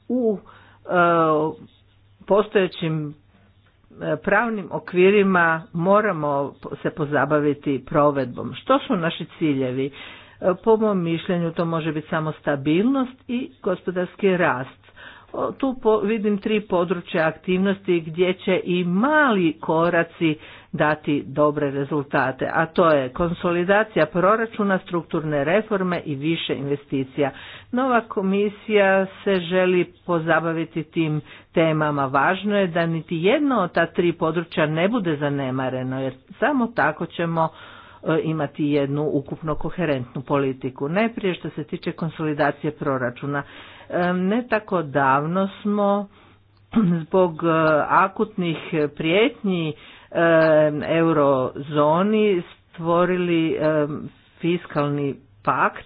U postojećim pravnim okvirima moramo se pozabaviti provedbom. Što su naši ciljevi? E, po mom mišljenju to može biti samo stabilnost i gospodarski rast tu vidim tri područja aktivnosti gdje će i mali koraci dati dobre rezultate, a to je konsolidacija proračuna, strukturne reforme i više investicija. Nova komisija se želi pozabaviti tim temama. Važno je da niti jedno od ta tri područja ne bude zanemareno, jer samo tako ćemo e, imati jednu ukupno koherentnu politiku. Najprije što se tiče konsolidacije proračuna. Ne tako davno smo zbog e, akutnih prijetnji eurozoni stvorili fiskalni pakt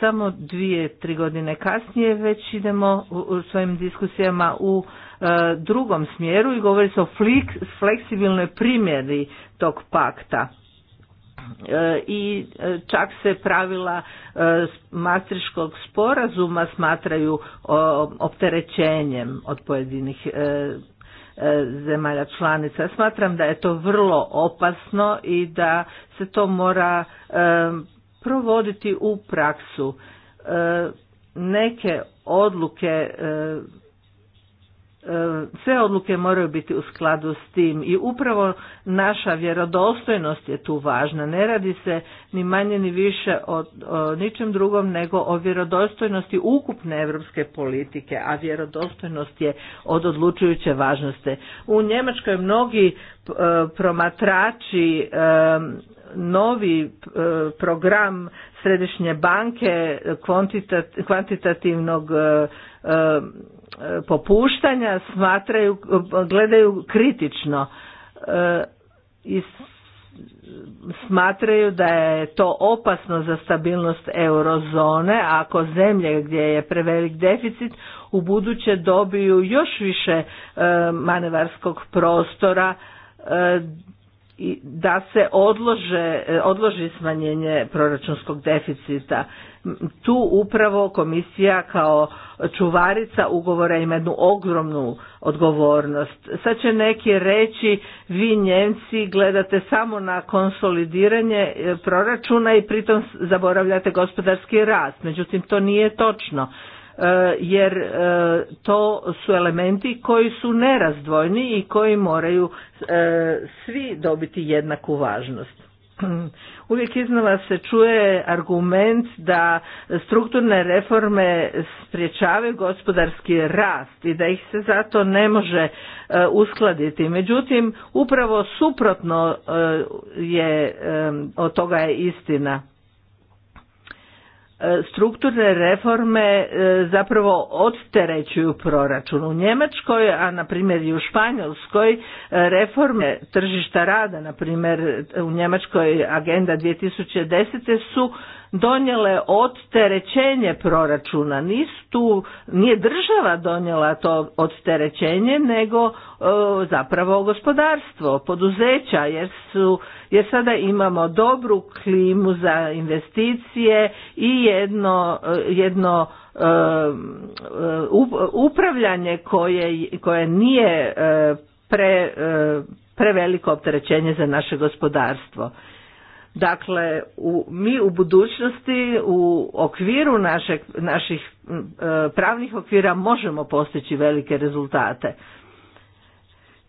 samo dvije, tri godine kasnije već idemo u svojim diskusijama u e, drugom smjeru i govori se o fleksibilnoj primjeri tog pakta i e, čak se pravila e, mastriškog sporazuma smatraju opterećenjem od pojedinih e, zemalja članica. Smatram da je to vrlo opasno i da se to mora provoditi u praksu. Neke odluke E, sve odluke moraju biti u skladu s tim i upravo naša vjerodostojnost je tu važna. Ne radi se ni manje ni više o, ničem drugom nego o vjerodostojnosti ukupne europske politike, a vjerodostojnost je od odlučujuće važnosti. U Njemačkoj mnogi e, promatrači e, novi program središnje banke kvantitativnog E, popuštanja smatraju, gledaju kritično e, i smatraju da je to opasno za stabilnost eurozone, ako zemlje gdje je prevelik deficit u buduće dobiju još više e, manevarskog prostora i da se odlože, e, odloži smanjenje proračunskog deficita. Tu upravo komisija kao čuvarica ugovora ima jednu ogromnu odgovornost. Sad će neki reći vi Njemci gledate samo na konsolidiranje e, proračuna i pritom zaboravljate gospodarski rast. Međutim, to nije točno. Eh, jer eh, to su elementi koji su nerazdvojni i koji moraju eh, svi dobiti jednaku važnost. Uvijek iznova se čuje argument da strukturne reforme spriječavaju gospodarski rast i da ih se zato ne može uskladiti. Međutim, upravo suprotno je od toga je istina strukturne reforme e, zapravo odterećuju proračun. U Njemačkoj, a na primjer i u Španjolskoj, e, reforme tržišta rada, na primjer e, u Njemačkoj agenda 2010. su donijele odterećenje proračuna. Nisu tu, nije država donijela to odterećenje, nego e, zapravo gospodarstvo, poduzeća, jer, su, jer sada imamo dobru klimu za investicije i jedno, e, jedno e, upravljanje koje, koje nije pre, preveliko opterećenje za naše gospodarstvo. Dakle, u, mi u budućnosti u okviru našeg, naših e, pravnih okvira možemo postići velike rezultate.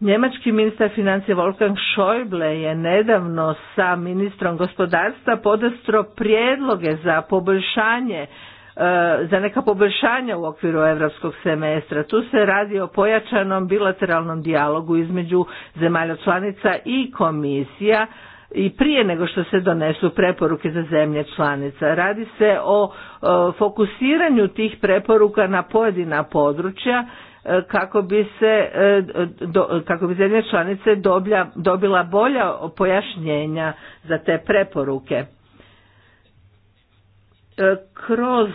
Njemački ministar financije Wolfgang Schäuble je nedavno sa ministrom gospodarstva podastro prijedloge za poboljšanje e, za neka poboljšanja u okviru europskog semestra. Tu se radi o pojačanom bilateralnom dijalogu između zemalja članica i komisija i prije nego što se donesu preporuke za zemlje članica. Radi se o fokusiranju tih preporuka na pojedina područja e, kako bi se e, kako bi zemlje članice dobila bolja pojašnjenja za te preporuke e, kroz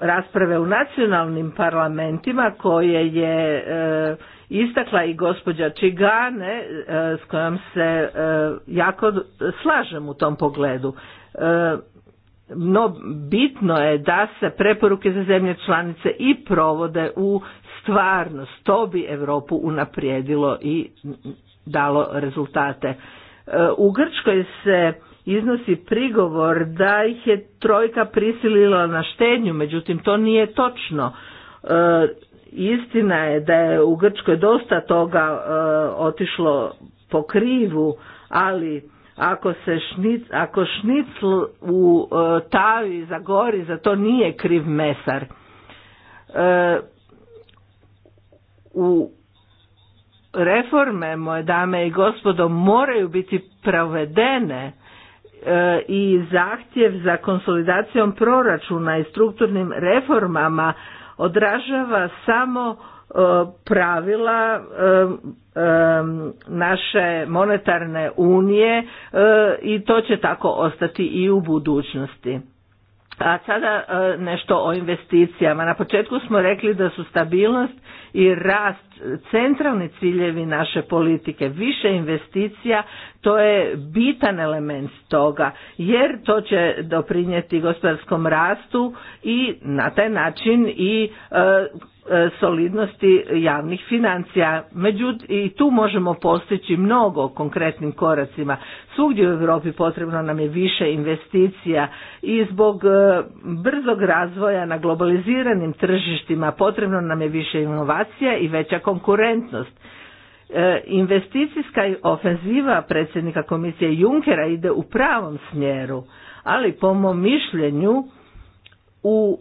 rasprave u nacionalnim parlamentima koje je istakla i gospođa Čigane e, s kojom se e, jako slažem u tom pogledu. E, no bitno je da se preporuke za zemlje članice i provode u stvarnost. To bi Europu unaprijedilo i dalo rezultate. U Grčkoj se iznosi prigovor da ih je trojka prisilila na štednju, međutim to nije točno. Istina je da je u Grčkoj dosta toga e, otišlo po krivu, ali ako se šnic, ako šnicl u e, tavi zagori, za to nije kriv mesar. E, u reforme, moje dame i gospodo, moraju biti provedene e, i zahtjev za konsolidacijom proračuna i strukturnim reformama odražava samo e, pravila e, e, naše monetarne unije i to će tako ostati i u budućnosti. A sada nešto o investicijama. Na početku smo rekli da su stabilnost i rast centralni ciljevi naše politike, više investicija, to je bitan element toga, jer to će doprinijeti gospodarskom rastu i na taj način i e, e, solidnosti javnih financija. Međutim, i tu možemo postići mnogo konkretnim koracima. Svugdje u Europi potrebno nam je više investicija i zbog e, brzog razvoja na globaliziranim tržištima potrebno nam je više inovacija i veća konkurencija konkurentnost. E, investicijska ofenziva predsjednika komisije Junkera ide u pravom smjeru, ali po mom mišljenju u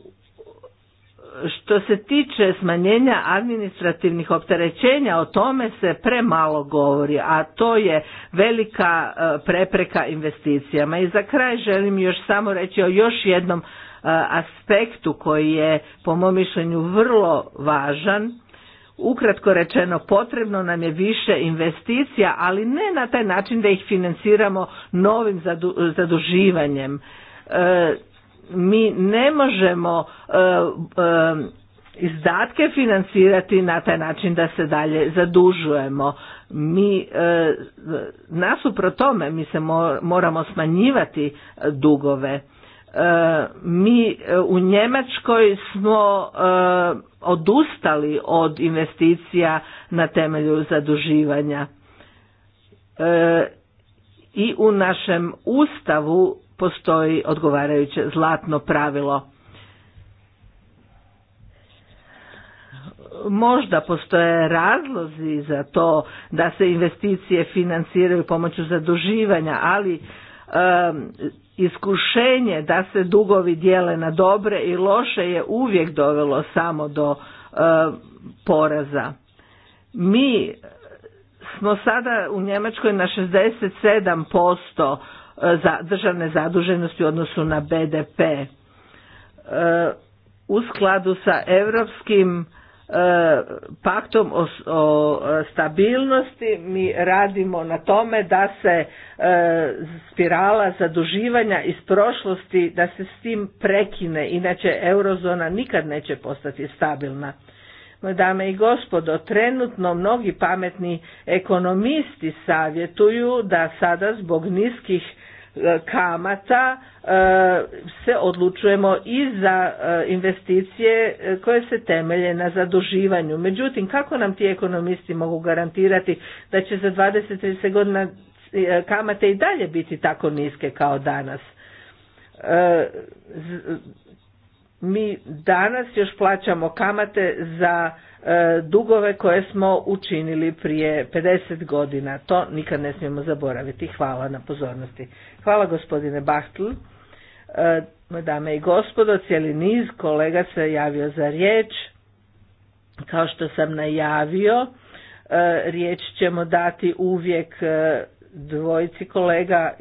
što se tiče smanjenja administrativnih opterećenja, o tome se premalo govori, a to je velika e, prepreka investicijama. I za kraj želim još samo reći o još jednom e, aspektu koji je po mom mišljenju vrlo važan ukratko rečeno potrebno nam je više investicija, ali ne na taj način da ih financiramo novim zaduživanjem. E, mi ne možemo e, e, izdatke financirati na taj način da se dalje zadužujemo. Mi nasuprot tome mi se moramo smanjivati dugove E, mi e, u Njemačkoj smo e, odustali od investicija na temelju zaduživanja. I u našem ustavu postoji odgovarajuće zlatno pravilo. Možda postoje razlozi za to da se investicije financiraju pomoću zaduživanja, ali iskušenje da se dugovi dijele na dobre i loše je uvijek dovelo samo do e, poraza. Mi smo sada u Njemačkoj na 67% e, za državne zaduženosti u odnosu na BDP. E, u skladu sa europskim paktom o, stabilnosti mi radimo na tome da se e, spirala zaduživanja iz prošlosti da se s tim prekine inače eurozona nikad neće postati stabilna dame i gospodo, trenutno mnogi pametni ekonomisti savjetuju da sada zbog niskih E, kamata e, se odlučujemo i za e, investicije koje se temelje na zaduživanju. Međutim, kako nam ti ekonomisti mogu garantirati da će za 20-30 godina kamate i dalje biti tako niske kao danas? Mi danas još plaćamo kamate za E, dugove koje smo učinili prije 50 godina. To nikad ne smijemo zaboraviti. Hvala na pozornosti. Hvala gospodine Bahtl. E, dame i gospodo, cijeli niz kolega se javio za riječ. Kao što sam najavio, e, riječ ćemo dati uvijek dvojici kolega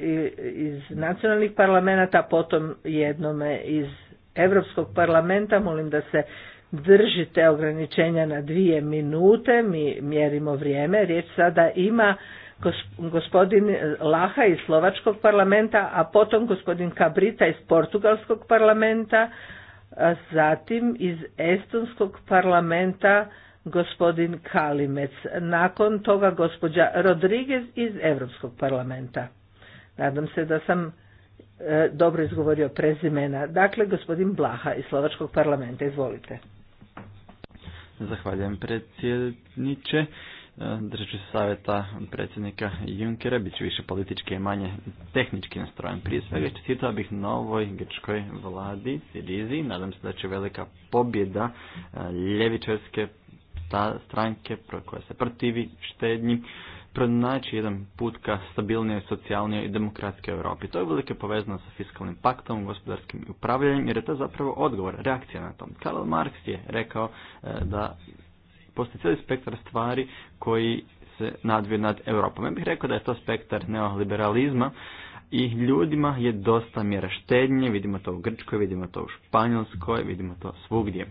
iz nacionalnih parlamenta, potom jednome iz Europskog parlamenta. Molim da se držite ograničenja na dvije minute, mi mjerimo vrijeme, riječ sada ima gospodin Laha iz Slovačkog parlamenta, a potom gospodin Kabrita iz Portugalskog parlamenta, zatim iz Estonskog parlamenta gospodin Kalimec, nakon toga gospođa Rodriguez iz Europskog parlamenta. Nadam se da sam e, dobro izgovorio prezimena. Dakle, gospodin Blaha iz Slovačkog parlamenta, izvolite. Zahvaljujem predsjedniče. E, Držeći savjeta predsjednika Junkera, bit ću više politički i manje tehnički nastrojen. Prije svega čestitao bih novoj grčkoj vladi Sirizi. Nadam se da će velika pobjeda e, ljevičarske stranke koja se protivi štednji pronaći jedan put ka stabilnije, socijalnijoj i demokratske Europi. To je velike povezano sa fiskalnim paktom, gospodarskim upravljanjem, jer je to zapravo odgovor, reakcija na tom. Karl Marx je rekao e, da postoji cijeli spektar stvari koji se nadvije nad Europom. Ja bih rekao da je to spektar neoliberalizma, i ljudima je dosta mjera štednje, vidimo to u Grčkoj, vidimo to u Španjolskoj, vidimo to svugdje.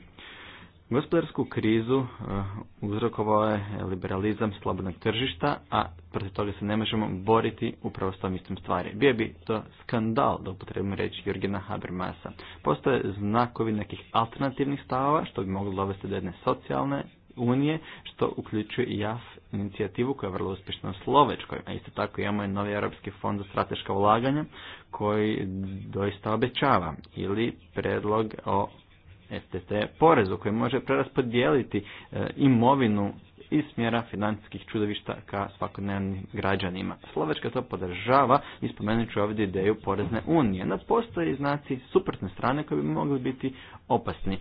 Gospodarsku krizu eh, uzrokovao je liberalizam slobodnog tržišta, a protiv toga se ne možemo boriti upravo s tom stvari. Bio bi to skandal, da upotrebujemo reći Jurgena Habermasa. Postoje znakovi nekih alternativnih stava, što bi moglo dovesti do jedne socijalne unije, što uključuje i JAF inicijativu koja je vrlo uspješna u Slovečkoj, a isto tako imamo i novi Europski fond za strateška ulaganja koji doista obećava ili predlog o STT e porezu koji može preraspodijeliti e, imovinu iz smjera financijskih čudovišta ka svakodnevnim građanima. Slovačka to podržava i spomenut ću ovdje ideju porezne unije. No postoji znaci suprotne strane koje bi mogli biti opasni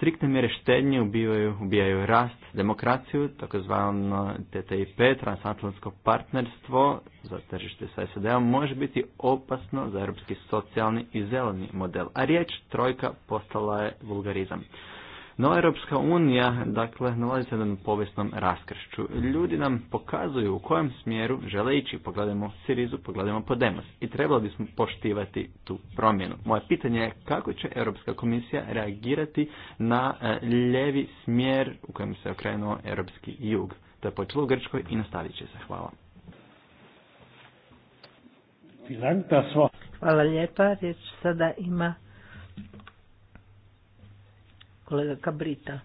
striktne mjere štednje ubijaju, ubijaju rast, demokraciju, takozvano TTIP, transatlantsko partnerstvo za tržište sa SAD-om, može biti opasno za europski socijalni i zeleni model, a riječ trojka postala je vulgarizam. No, Europska unija, dakle, nalazi se na povijesnom raskršću. Ljudi nam pokazuju u kojem smjeru žele ići. Pogledajmo Sirizu, pogledajmo Podemos. I trebali bismo poštivati tu promjenu. Moje pitanje je kako će Europska komisija reagirati na e, ljevi smjer u kojem se okrenuo Europski jug. To je počelo u Grčkoj i nastavit će se. Hvala. Hvala lijepa. Riječ sada ima kolega Kabrita.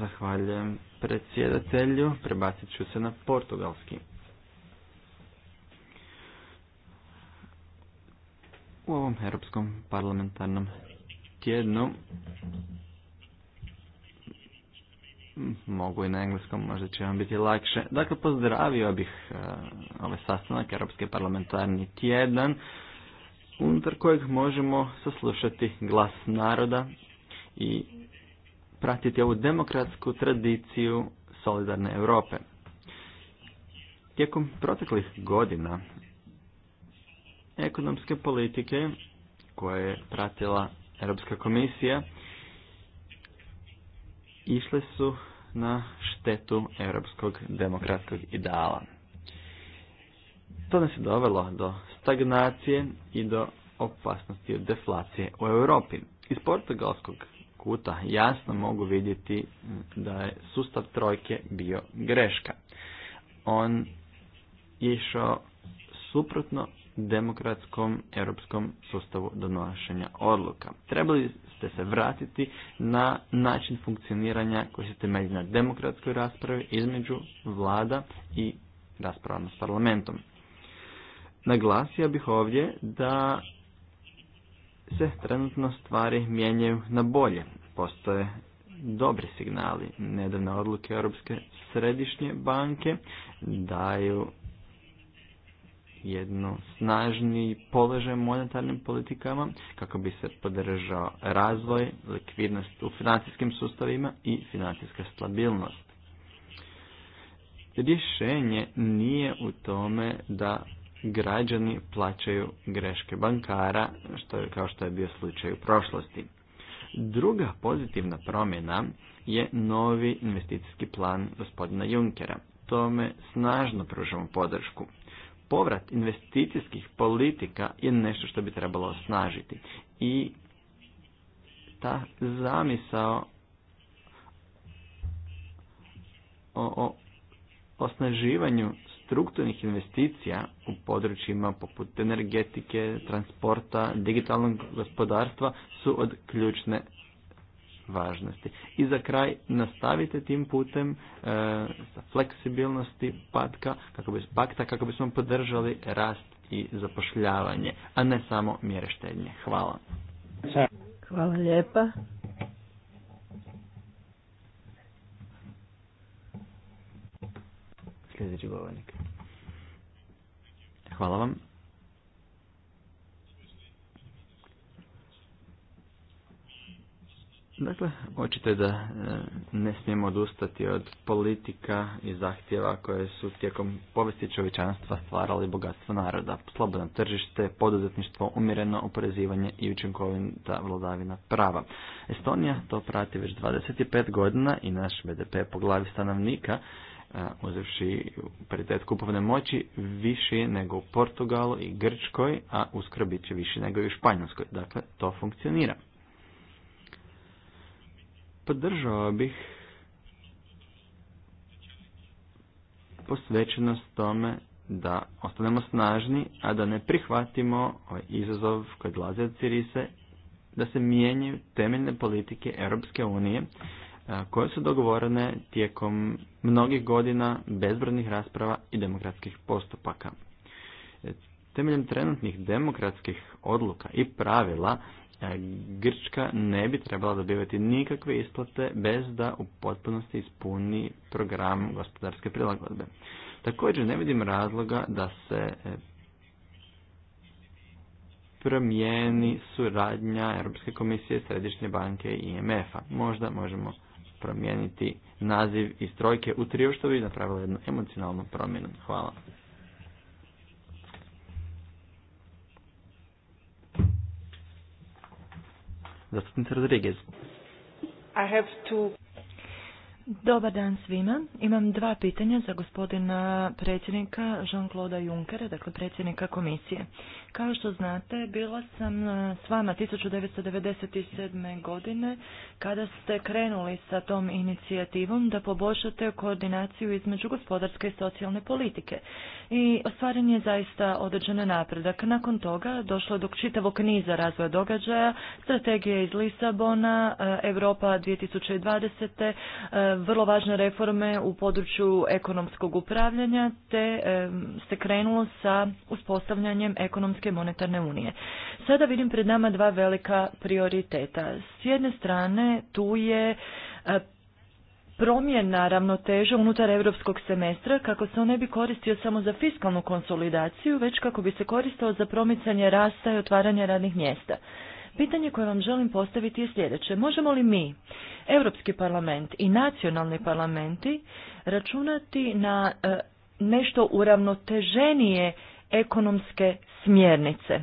Zahvaljujem predsjedatelju. Prebacit ću se na portugalski. U ovom europskom parlamentarnom tjednu mogu i na engleskom, možda će vam biti lakše. Dakle, pozdravio bih uh, ovaj sastanak Europski parlamentarni tjedan unutar kojeg možemo saslušati glas naroda i pratiti ovu demokratsku tradiciju solidarne Europe. Tijekom proteklih godina ekonomske politike koje je pratila Europska komisija išle su na štetu europskog demokratskog ideala. To nas je dovelo do stagnacije i do opasnosti od deflacije u Europi. Iz portugalskog kuta jasno mogu vidjeti da je sustav trojke bio greška. On je išao suprotno demokratskom europskom sustavu donošenja odluka. Trebali ste se vratiti na način funkcioniranja koji se temelji na demokratskoj raspravi između vlada i raspravama s parlamentom. Naglasio bih ovdje da se trenutno stvari mijenjaju na bolje. Postoje dobri signali. Nedavne odluke Europske središnje banke daju jednu snažni položaj monetarnim politikama kako bi se podržao razvoj, likvidnost u financijskim sustavima i financijska stabilnost. Rješenje nije u tome da građani plaćaju greške bankara, što, kao što je bio slučaj u prošlosti. Druga pozitivna promjena je novi investicijski plan gospodina Junkera. Tome snažno pružamo podršku. Povrat investicijskih politika je nešto što bi trebalo osnažiti. I ta zamisao o, o osnaživanju strukturnih investicija u područjima poput energetike, transporta, digitalnog gospodarstva su od ključne važnosti. I za kraj nastavite tim putem e, sa fleksibilnosti patka, kako bi, pakta kako bismo podržali rast i zapošljavanje, a ne samo mjere štednje. Hvala. Hvala lijepa. Sljedeći govornik. Hvala vam. Dakle, očito je da e, ne smijemo odustati od politika i zahtjeva koje su tijekom povesti čovječanstva stvarali bogatstvo naroda, slobodno tržište, poduzetništvo, umjereno oporezivanje i učinkovita vladavina prava. Estonija to prati već 25 godina i naš BDP po glavi stanovnika uzevši paritet kupovne moći više nego u Portugalu i Grčkoj, a uskoro bit će više nego i u Španjolskoj. Dakle, to funkcionira. Podržao bih posvećenost tome da ostanemo snažni, a da ne prihvatimo ovaj izazov koji dolazi od Cirise, da se mijenjaju temeljne politike Europske unije, koje su dogovorene tijekom mnogih godina bezbrojnih rasprava i demokratskih postupaka. E, temeljem trenutnih demokratskih odluka i pravila e, Grčka ne bi trebala dobivati nikakve isplate bez da u potpunosti ispuni program gospodarske prilagodbe. Također ne vidim razloga da se e, promijeni suradnja Europske komisije, Središnje banke i IMF-a. Možda možemo promijeniti naziv iz trojke u triju što bi napravilo jednu emocionalnu promjenu. Hvala. Rodriguez. I have to... Dobar dan svima. Imam dva pitanja za gospodina predsjednika Jean-Claude Junckera, dakle predsjednika komisije. Kao što znate, bila sam e, s vama 1997. godine kada ste krenuli sa tom inicijativom da poboljšate koordinaciju između gospodarske i socijalne politike. I ostvaren je zaista određen napredak. Nakon toga došlo je do čitavog niza razvoja događaja, strategije iz Lisabona, e, Europa 2020. E, vrlo važne reforme u području ekonomskog upravljanja te se krenulo sa uspostavljanjem ekonomske monetarne unije. Sada vidim pred nama dva velika prioriteta. S jedne strane tu je e, promjena ravnoteže unutar europskog semestra kako se on ne bi koristio samo za fiskalnu konsolidaciju, već kako bi se koristio za promicanje rasta i otvaranje radnih mjesta. Pitanje koje vam želim postaviti je sljedeće. Možemo li mi, Europski parlament i nacionalni parlamenti, računati na e, nešto uravnoteženije ekonomske smjernice.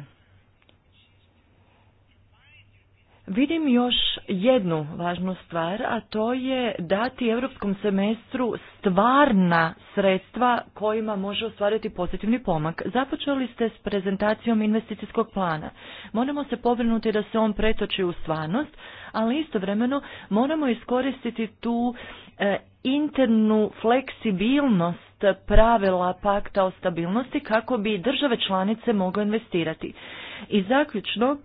Vidim još jednu važnu stvar, a to je dati europskom semestru stvarna sredstva kojima može ostvariti pozitivni pomak. Započeli ste s prezentacijom investicijskog plana. Moramo se pobrinuti da se on pretoči u stvarnost, ali istovremeno moramo iskoristiti tu e, internu fleksibilnost pravila pakta o stabilnosti kako bi države članice mogle investirati. I zaključno,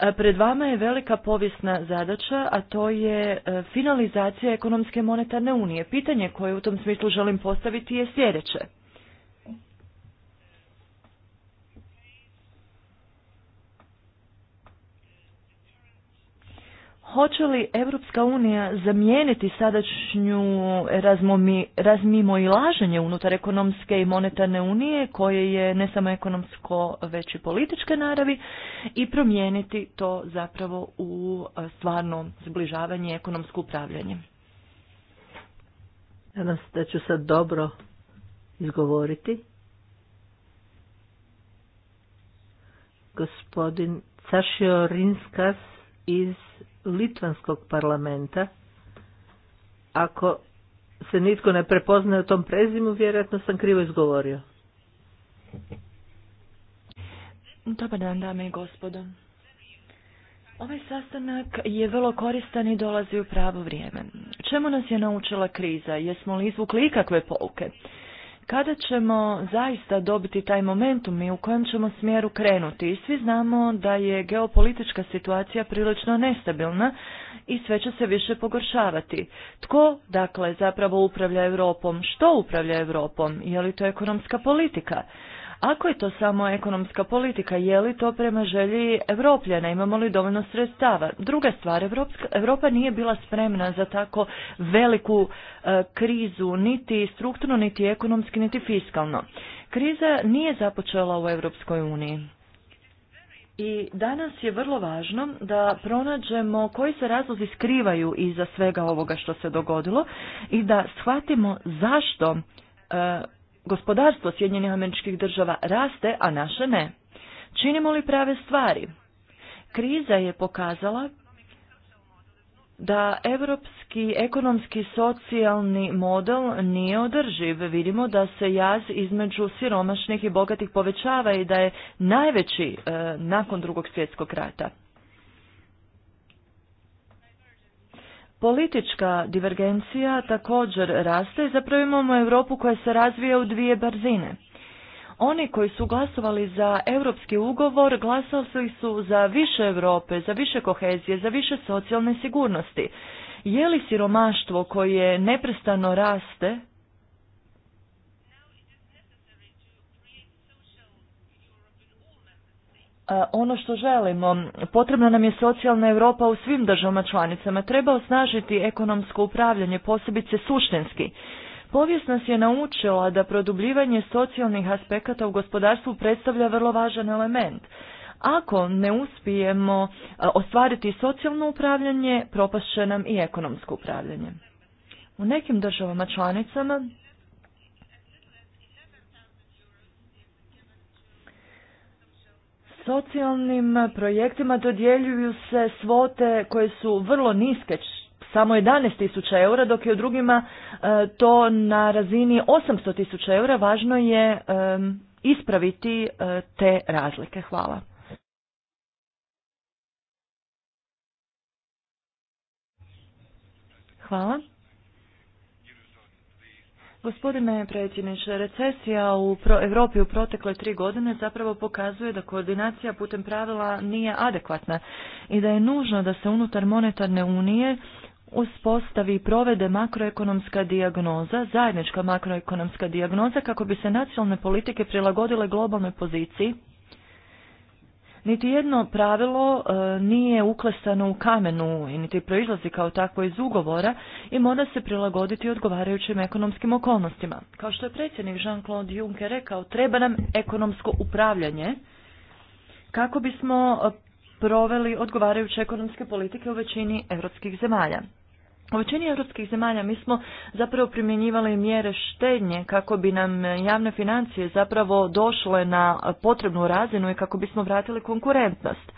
e, Pred vama je velika povijesna zadaća, a to je e, finalizacija ekonomske monetarne unije. Pitanje koje u tom smislu želim postaviti je sljedeće. Hoće li Europska unija zamijeniti sadašnju razmimo i laženje unutar ekonomske i monetarne unije koje je ne samo ekonomsko već i političke naravi i promijeniti to zapravo u e, stvarno zbližavanje i ekonomsko upravljanje? Nadam se da ću sad dobro izgovoriti. Gospodin Cašio Rinskas iz Litvanskog parlamenta. Ako se nitko ne prepoznaje u tom prezimu, vjerojatno sam krivo izgovorio. Dobar dan, dame i gospodo. Ovaj sastanak je vrlo koristan i dolazi u pravo vrijeme. Čemu nas je naučila kriza? Jesmo li izvukli ikakve pouke? kada ćemo zaista dobiti taj momentum i u kojem ćemo smjeru krenuti. I svi znamo da je geopolitička situacija prilično nestabilna i sve će se više pogoršavati. Tko, dakle, zapravo upravlja Europom? Što upravlja Europom? Je li to ekonomska politika? Ako je to samo ekonomska politika, je li to prema želji Evropljana, imamo li dovoljno sredstava? Druga stvar, Europa Evropa nije bila spremna za tako veliku e, krizu, niti strukturno, niti ekonomski, niti fiskalno. Kriza nije započela u Europskoj uniji. I danas je vrlo važno da pronađemo koji se razlozi skrivaju iza svega ovoga što se dogodilo i da shvatimo zašto e, gospodarstvo Sjedinjenih američkih država raste, a naše ne. Činimo li prave stvari? Kriza je pokazala da europski ekonomski socijalni model nije održiv. Vidimo da se jaz između siromašnih i bogatih povećava i da je najveći eh, nakon drugog svjetskog rata. Politička divergencija također raste i zapravo imamo Europu koja se razvija u dvije brzine. Oni koji su glasovali za europski ugovor glasovali su za više Europe, za više kohezije, za više socijalne sigurnosti. Je li siromaštvo koje neprestano raste E, ono što želimo. Potrebna nam je socijalna Europa u svim državama članicama. Treba osnažiti ekonomsko upravljanje, posebice suštinski. Povijest nas je naučila da produbljivanje socijalnih aspekata u gospodarstvu predstavlja vrlo važan element. Ako ne uspijemo e, ostvariti socijalno upravljanje, propast će nam i ekonomsko upravljanje. U nekim državama članicama socijalnim projektima dodjeljuju se svote koje su vrlo niske, samo 11.000 tisuća eura, dok je u drugima e, to na razini 800.000 tisuća eura. Važno je e, ispraviti e, te razlike. Hvala. Hvala. Gospodine predsjedniče, recesija u Europi u protekle tri godine zapravo pokazuje da koordinacija putem pravila nije adekvatna i da je nužno da se unutar monetarne unije uspostavi i provede makroekonomska dijagnoza, zajednička makroekonomska dijagnoza kako bi se nacionalne politike prilagodile globalnoj poziciji niti jedno pravilo e, nije uklesano u kamenu i niti proizlazi kao takvo iz ugovora i mora se prilagoditi odgovarajućim ekonomskim okolnostima. Kao što je predsjednik Jean-Claude Juncker rekao, treba nam ekonomsko upravljanje kako bismo e, proveli odgovarajuće ekonomske politike u većini europskih zemalja. U većini europskih zemalja mi smo zapravo primjenjivali mjere štednje kako bi nam javne financije zapravo došle na potrebnu razinu i kako bismo vratili konkurentnost.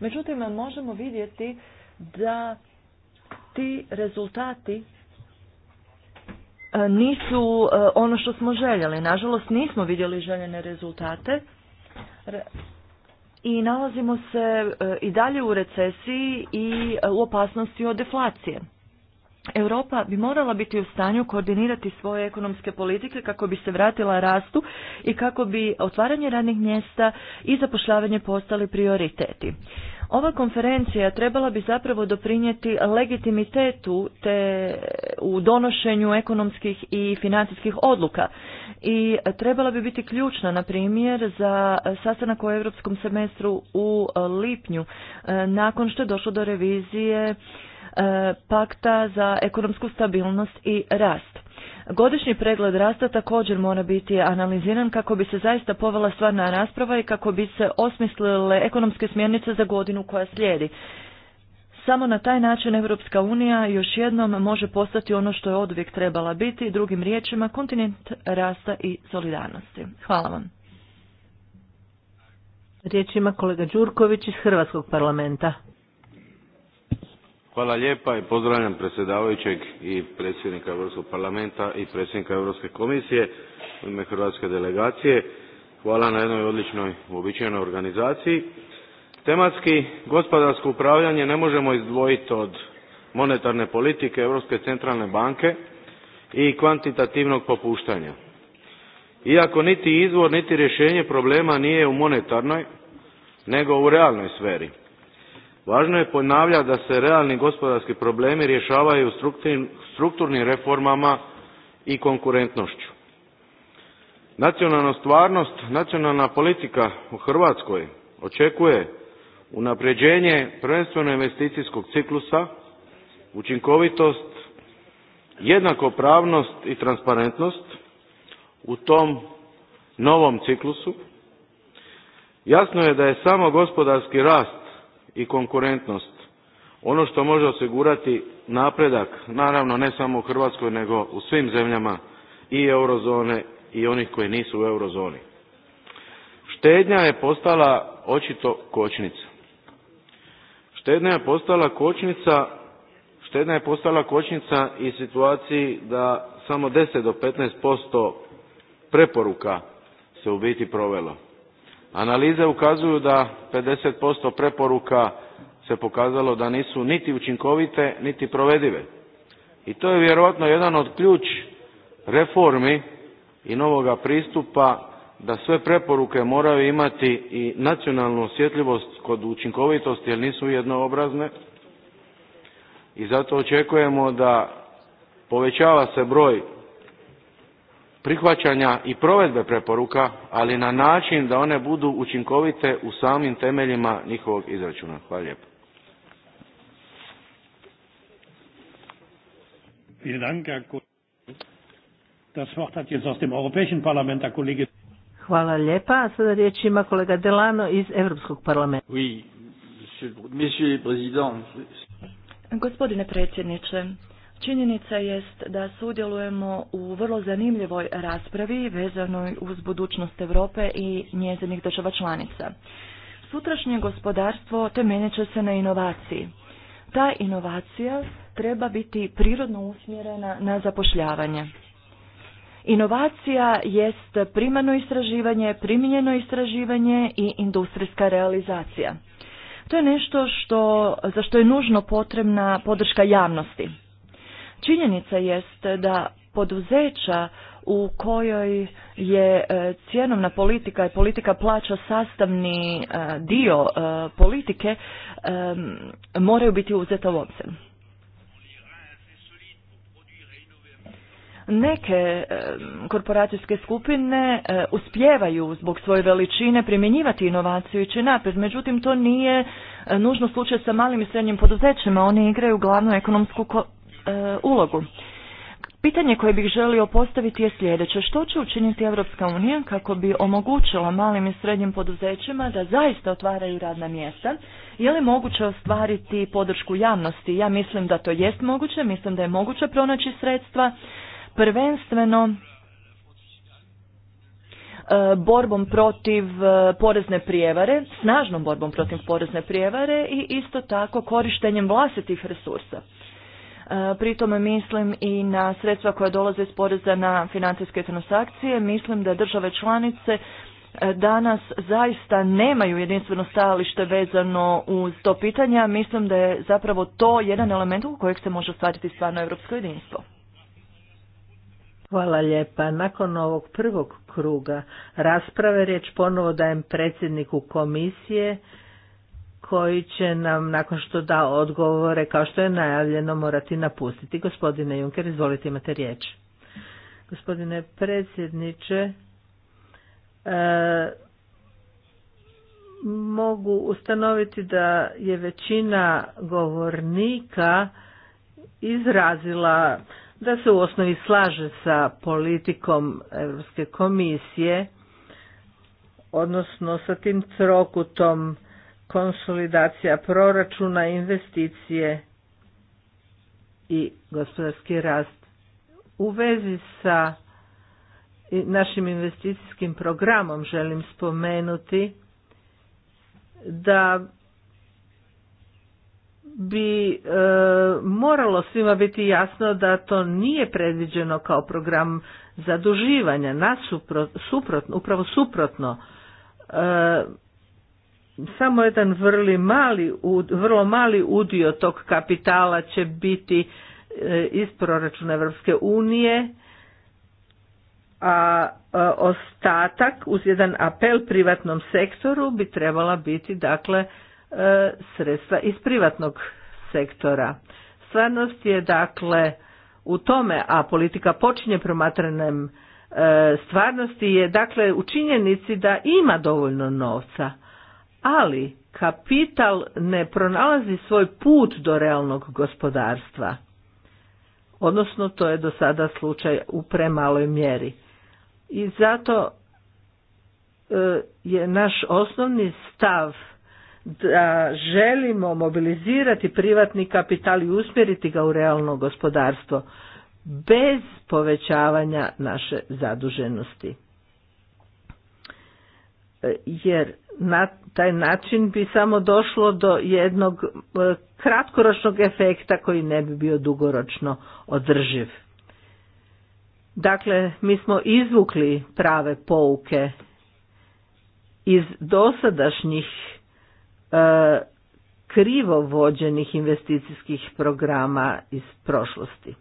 Međutim, možemo vidjeti da ti rezultati e, nisu e, ono što smo željeli. Nažalost, nismo vidjeli željene rezultate i nalazimo se e, i dalje u recesiji i u opasnosti od deflacije. Europa bi morala biti u stanju koordinirati svoje ekonomske politike kako bi se vratila rastu i kako bi otvaranje radnih mjesta i zapošljavanje postali prioriteti. Ova konferencija trebala bi zapravo doprinijeti legitimitetu te u donošenju ekonomskih i financijskih odluka i trebala bi biti ključna, na primjer, za sastanak u europskom semestru u lipnju, e, nakon što je došlo do revizije E, pakta za ekonomsku stabilnost i rast. Godišnji pregled rasta također mora biti analiziran kako bi se zaista povela stvarna rasprava i kako bi se osmislile ekonomske smjernice za godinu koja slijedi. Samo na taj način Europska unija još jednom može postati ono što je odvijek trebala biti, drugim riječima kontinent rasta i solidarnosti. Hvala vam. Riječ ima kolega Đurković iz Hrvatskog parlamenta. Hvala lijepa i pozdravljam predsjedavajućeg i predsjednika Europskog parlamenta i predsjednika Europske komisije u ime Hrvatske delegacije. Hvala na jednoj odličnoj uobičajenoj organizaciji. Tematski gospodarsko upravljanje ne možemo izdvojiti od monetarne politike Europske centralne banke i kvantitativnog popuštanja. Iako niti izvor niti rješenje problema nije u monetarnoj nego u realnoj sferi Važno je ponavljati da se realni gospodarski problemi rješavaju strukturnim reformama i konkurentnošću. Nacionalna stvarnost, nacionalna politika u Hrvatskoj očekuje unapređenje prvenstveno investicijskog ciklusa, učinkovitost, jednakopravnost i transparentnost u tom novom ciklusu. Jasno je da je samo gospodarski rast i konkurentnost. Ono što može osigurati napredak, naravno ne samo u Hrvatskoj nego u svim zemljama i eurozone i onih koji nisu u eurozoni. Štednja je postala očito kočnica. Štednja je postala kočnica Štednja je postala kočnica i situaciji da samo 10 do 15% preporuka se u biti provelo. Analize ukazuju da 50% preporuka se pokazalo da nisu niti učinkovite, niti provedive. I to je vjerojatno jedan od ključ reformi i novoga pristupa da sve preporuke moraju imati i nacionalnu osjetljivost kod učinkovitosti jer nisu jednoobrazne i zato očekujemo da povećava se broj prihvaćanja i provedbe preporuka, ali na način da one budu učinkovite u samim temeljima njihovog izračuna. Hvala lijepo. Hvala lijepa. A sada riječ ima kolega Delano iz Europskog parlamenta. Oui, monsieur, monsieur Gospodine predsjedniče, Činjenica jest da sudjelujemo u vrlo zanimljivoj raspravi vezanoj uz budućnost Europe i njezinih država članica. Sutrašnje gospodarstvo temeljit će se na inovaciji. Ta inovacija treba biti prirodno usmjerena na zapošljavanje. Inovacija jest primarno istraživanje, primijenjeno istraživanje i industrijska realizacija. To je nešto što, za što je nužno potrebna podrška javnosti. Činjenica jest da poduzeća u kojoj je e, cjenovna politika i politika plaća sastavni e, dio e, politike moraju biti uzeta u obzir. Neke korporacijske skupine uspijevaju zbog svoje veličine primjenjivati inovaciju i će međutim to nije nužno slučaj sa malim i srednjim poduzećima, oni igraju glavnu ekonomsku E, ulogu. Pitanje koje bih želio postaviti je sljedeće. Što će učiniti Europska unija kako bi omogućila malim i srednjim poduzećima da zaista otvaraju radna mjesta? Je li moguće ostvariti podršku javnosti? Ja mislim da to jest moguće, mislim da je moguće pronaći sredstva. Prvenstveno e, borbom protiv e, porezne prijevare, snažnom borbom protiv porezne prijevare i isto tako korištenjem vlastitih resursa. E, pritom mislim i na sredstva koja dolaze iz poreza na financijske transakcije. Mislim da države članice e, danas zaista nemaju jedinstveno stajalište vezano uz to pitanje, mislim da je zapravo to jedan element u kojeg se može ostvariti stvarno europsko jedinstvo. Hvala lijepa. Nakon ovog prvog kruga rasprave riječ ponovo dajem predsjedniku komisije koji će nam nakon što da odgovore kao što je najavljeno morati napustiti. Gospodine Juncker, izvolite imate riječ. Gospodine predsjedniče, e, mogu ustanoviti da je većina govornika izrazila da se u osnovi slaže sa politikom Europske komisije, odnosno sa tim trokutom konsolidacija proračuna, investicije i gospodarski rast. U vezi sa našim investicijskim programom želim spomenuti da bi e, moralo svima biti jasno da to nije predviđeno kao program zaduživanja nasuprot, upravo suprotno e, samo jedan vrli mali, vrlo mali udio tog kapitala će biti e, iz proračuna Evropske unije, a e, ostatak uz jedan apel privatnom sektoru bi trebala biti dakle e, sredstva iz privatnog sektora. Stvarnost je dakle u tome, a politika počinje promatranjem stvarnosti je dakle u činjenici da ima dovoljno novca ali kapital ne pronalazi svoj put do realnog gospodarstva. Odnosno to je do sada slučaj u premaloj mjeri. I zato e, je naš osnovni stav da želimo mobilizirati privatni kapital i usmjeriti ga u realno gospodarstvo bez povećavanja naše zaduženosti jer na taj način bi samo došlo do jednog e, kratkoročnog efekta koji ne bi bio dugoročno održiv. Dakle, mi smo izvukli prave pouke iz dosadašnjih e, krivo vođenih investicijskih programa iz prošlosti.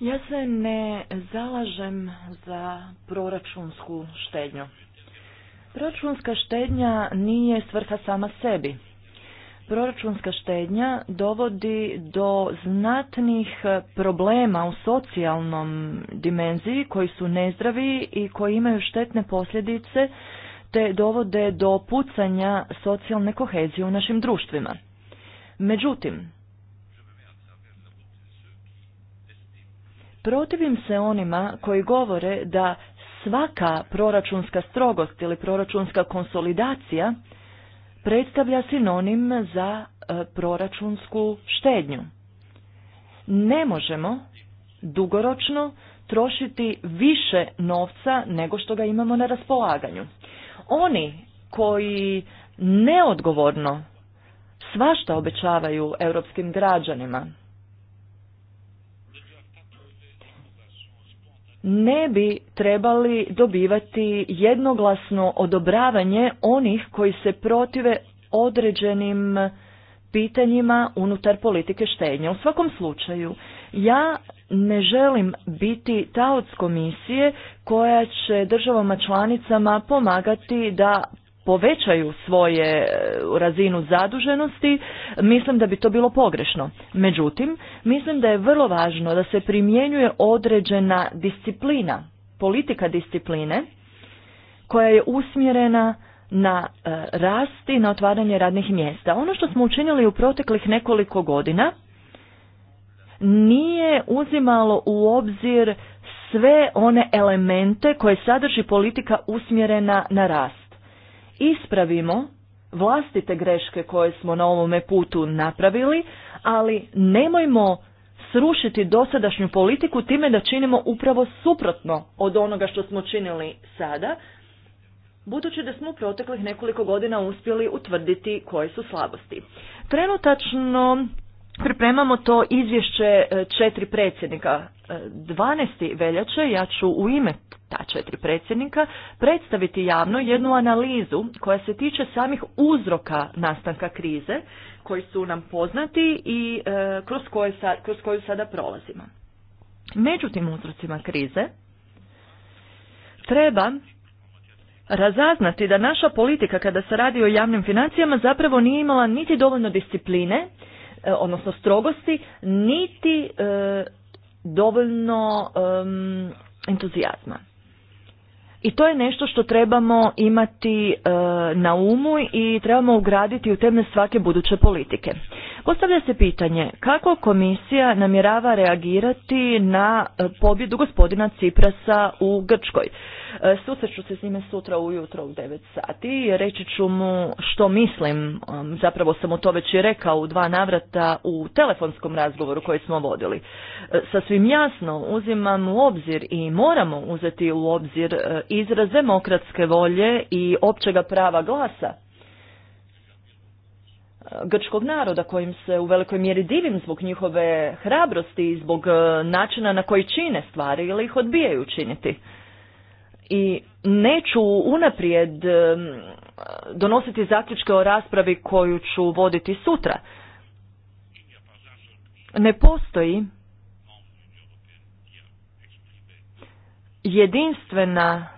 Ja se ne zalažem za proračunsku štednju. Proračunska štednja nije svrha sama sebi. Proračunska štednja dovodi do znatnih problema u socijalnom dimenziji koji su nezdravi i koji imaju štetne posljedice te dovode do pucanja socijalne kohezije u našim društvima. Međutim, Protivim se onima koji govore da svaka proračunska strogost ili proračunska konsolidacija predstavlja sinonim za e, proračunsku štednju. Ne možemo dugoročno trošiti više novca nego što ga imamo na raspolaganju. Oni koji neodgovorno svašta obećavaju europskim građanima, ne bi trebali dobivati jednoglasno odobravanje onih koji se protive određenim pitanjima unutar politike štednje. U svakom slučaju, ja ne želim biti taoc komisije koja će državama članicama pomagati da povećaju svoje e, razinu zaduženosti, mislim da bi to bilo pogrešno. Međutim, mislim da je vrlo važno da se primjenjuje određena disciplina, politika discipline koja je usmjerena na e, rast i na otvaranje radnih mjesta. Ono što smo učinili u proteklih nekoliko godina nije uzimalo u obzir sve one elemente koje sadrži politika usmjerena na rast ispravimo vlastite greške koje smo na ovome putu napravili, ali nemojmo srušiti dosadašnju politiku time da činimo upravo suprotno od onoga što smo činili sada, budući da smo u proteklih nekoliko godina uspjeli utvrditi koje su slabosti. Trenutačno pripremamo to izvješće e, četiri predsjednika. 12. E, veljače ja ću u ime ta četiri predsjednika predstaviti javno jednu analizu koja se tiče samih uzroka nastanka krize koji su nam poznati i e, kroz, koje sa, kroz koju sada prolazimo. Međutim, uzrocima krize treba razaznati da naša politika kada se radi o javnim financijama zapravo nije imala niti dovoljno discipline, e, odnosno strogosti, niti e, dovoljno entuzijazma. I to je nešto što trebamo imati e, na umu i trebamo ugraditi u temelj svake buduće politike. Postavlja se pitanje kako komisija namjerava reagirati na e, pobjedu gospodina Ciprasa u Grčkoj. E, Susreću se s njime sutra ujutro u 9 sati. i Reći ću mu što mislim. Zapravo sam mu to već i rekao u dva navrata u telefonskom razgovoru koji smo vodili. E, Sasvim jasno uzimam u obzir i moramo uzeti u obzir izraz demokratske volje i općega prava glasa grčkog naroda kojim se u velikoj mjeri divim zbog njihove hrabrosti i zbog e, načina na koji čine stvari ili ih odbijaju činiti. I neću unaprijed e, donositi zaključke o raspravi koju ću voditi sutra. Ne postoji jedinstvena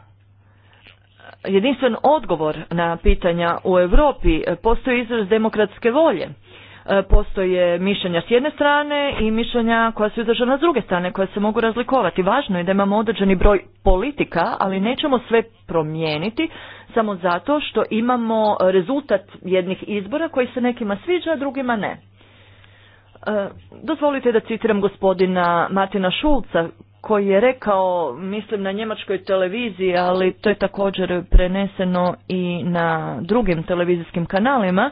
jedinstven odgovor na pitanja u Europi. E, postoji izraz demokratske volje. E, postoje mišljenja s jedne strane i mišljenja koja su izražena s druge strane, koja se mogu razlikovati. Važno je da imamo određeni broj politika, ali nećemo sve promijeniti samo zato što imamo rezultat jednih izbora koji se nekima sviđa, a drugima ne. E, dozvolite da citiram gospodina Martina Šulca koji je rekao, mislim na njemačkoj televiziji, ali to je također preneseno i na drugim televizijskim kanalima,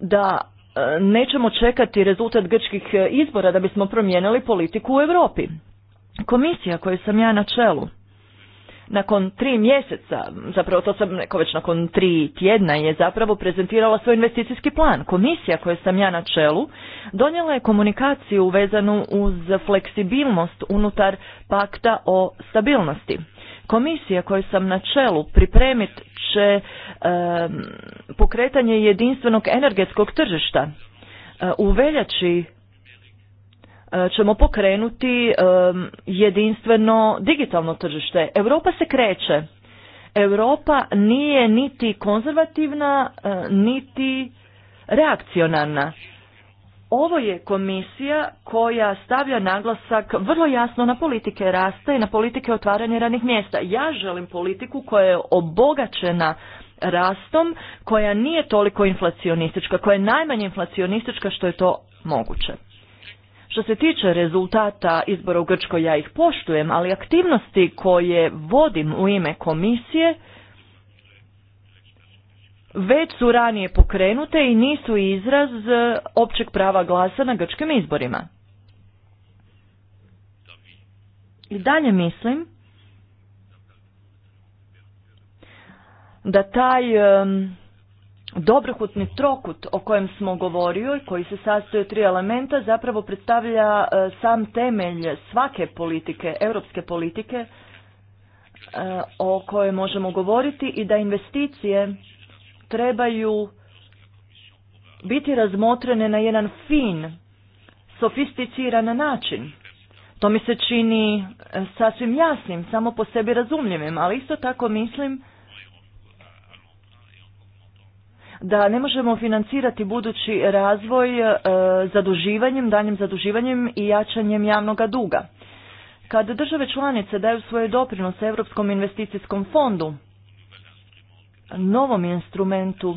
da e, nećemo čekati rezultat grčkih e, izbora da bismo promijenili politiku u Europi. Komisija koju sam ja na čelu, nakon tri mjeseca, zapravo to sam neko već nakon tri tjedna, je zapravo prezentirala svoj investicijski plan. Komisija koju sam ja na čelu donijela je komunikaciju vezanu uz fleksibilnost unutar pakta o stabilnosti. Komisija koju sam na čelu pripremit će pokretanje jedinstvenog energetskog tržišta. E, u veljači E, ćemo pokrenuti e, jedinstveno digitalno tržište. Europa se kreće. Europa nije niti konzervativna, e, niti reakcionarna. Ovo je komisija koja stavlja naglasak vrlo jasno na politike rasta i na politike otvaranja radnih mjesta. Ja želim politiku koja je obogaćena rastom, koja nije toliko inflacionistička, koja je najmanje inflacionistička što je to moguće. Što se tiče rezultata izbora u Grčkoj, ja ih poštujem, ali aktivnosti koje vodim u ime komisije već su ranije pokrenute i nisu izraz e, općeg prava glasa na grčkim izborima. I dalje mislim da taj dobrohutni trokut o kojem smo govorili, koji se sastoji od tri elementa zapravo predstavlja e, sam temelj svake politike, europske politike e, o kojoj možemo govoriti i da investicije trebaju biti razmotrene na jedan fin, sofisticiran način. To mi se čini e, sasvim jasnim, samo po sebi razumljivim, ali isto tako mislim da ne možemo financirati budući razvoj e, zaduživanjem, danjem zaduživanjem i jačanjem javnog duga. Kad države članice daju svoje doprinose Europskom investicijskom fondu, novom instrumentu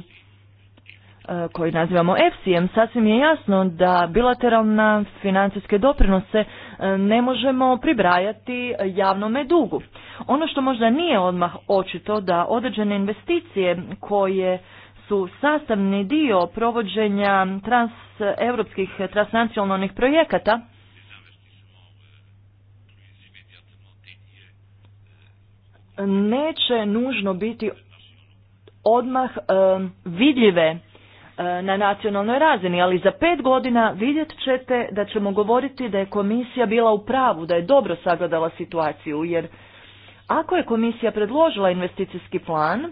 e, koji nazivamo efsi sasvim je jasno da bilateralna financijske doprinose e, ne možemo pribrajati javnome dugu. Ono što možda nije odmah očito da određene investicije koje su sastavni dio provođenja trans, transnacionalnih projekata, neće nužno biti odmah e, vidljive e, na nacionalnoj razini, ali za pet godina vidjet ćete da ćemo govoriti da je komisija bila u pravu, da je dobro sagledala situaciju, jer ako je komisija predložila investicijski plan,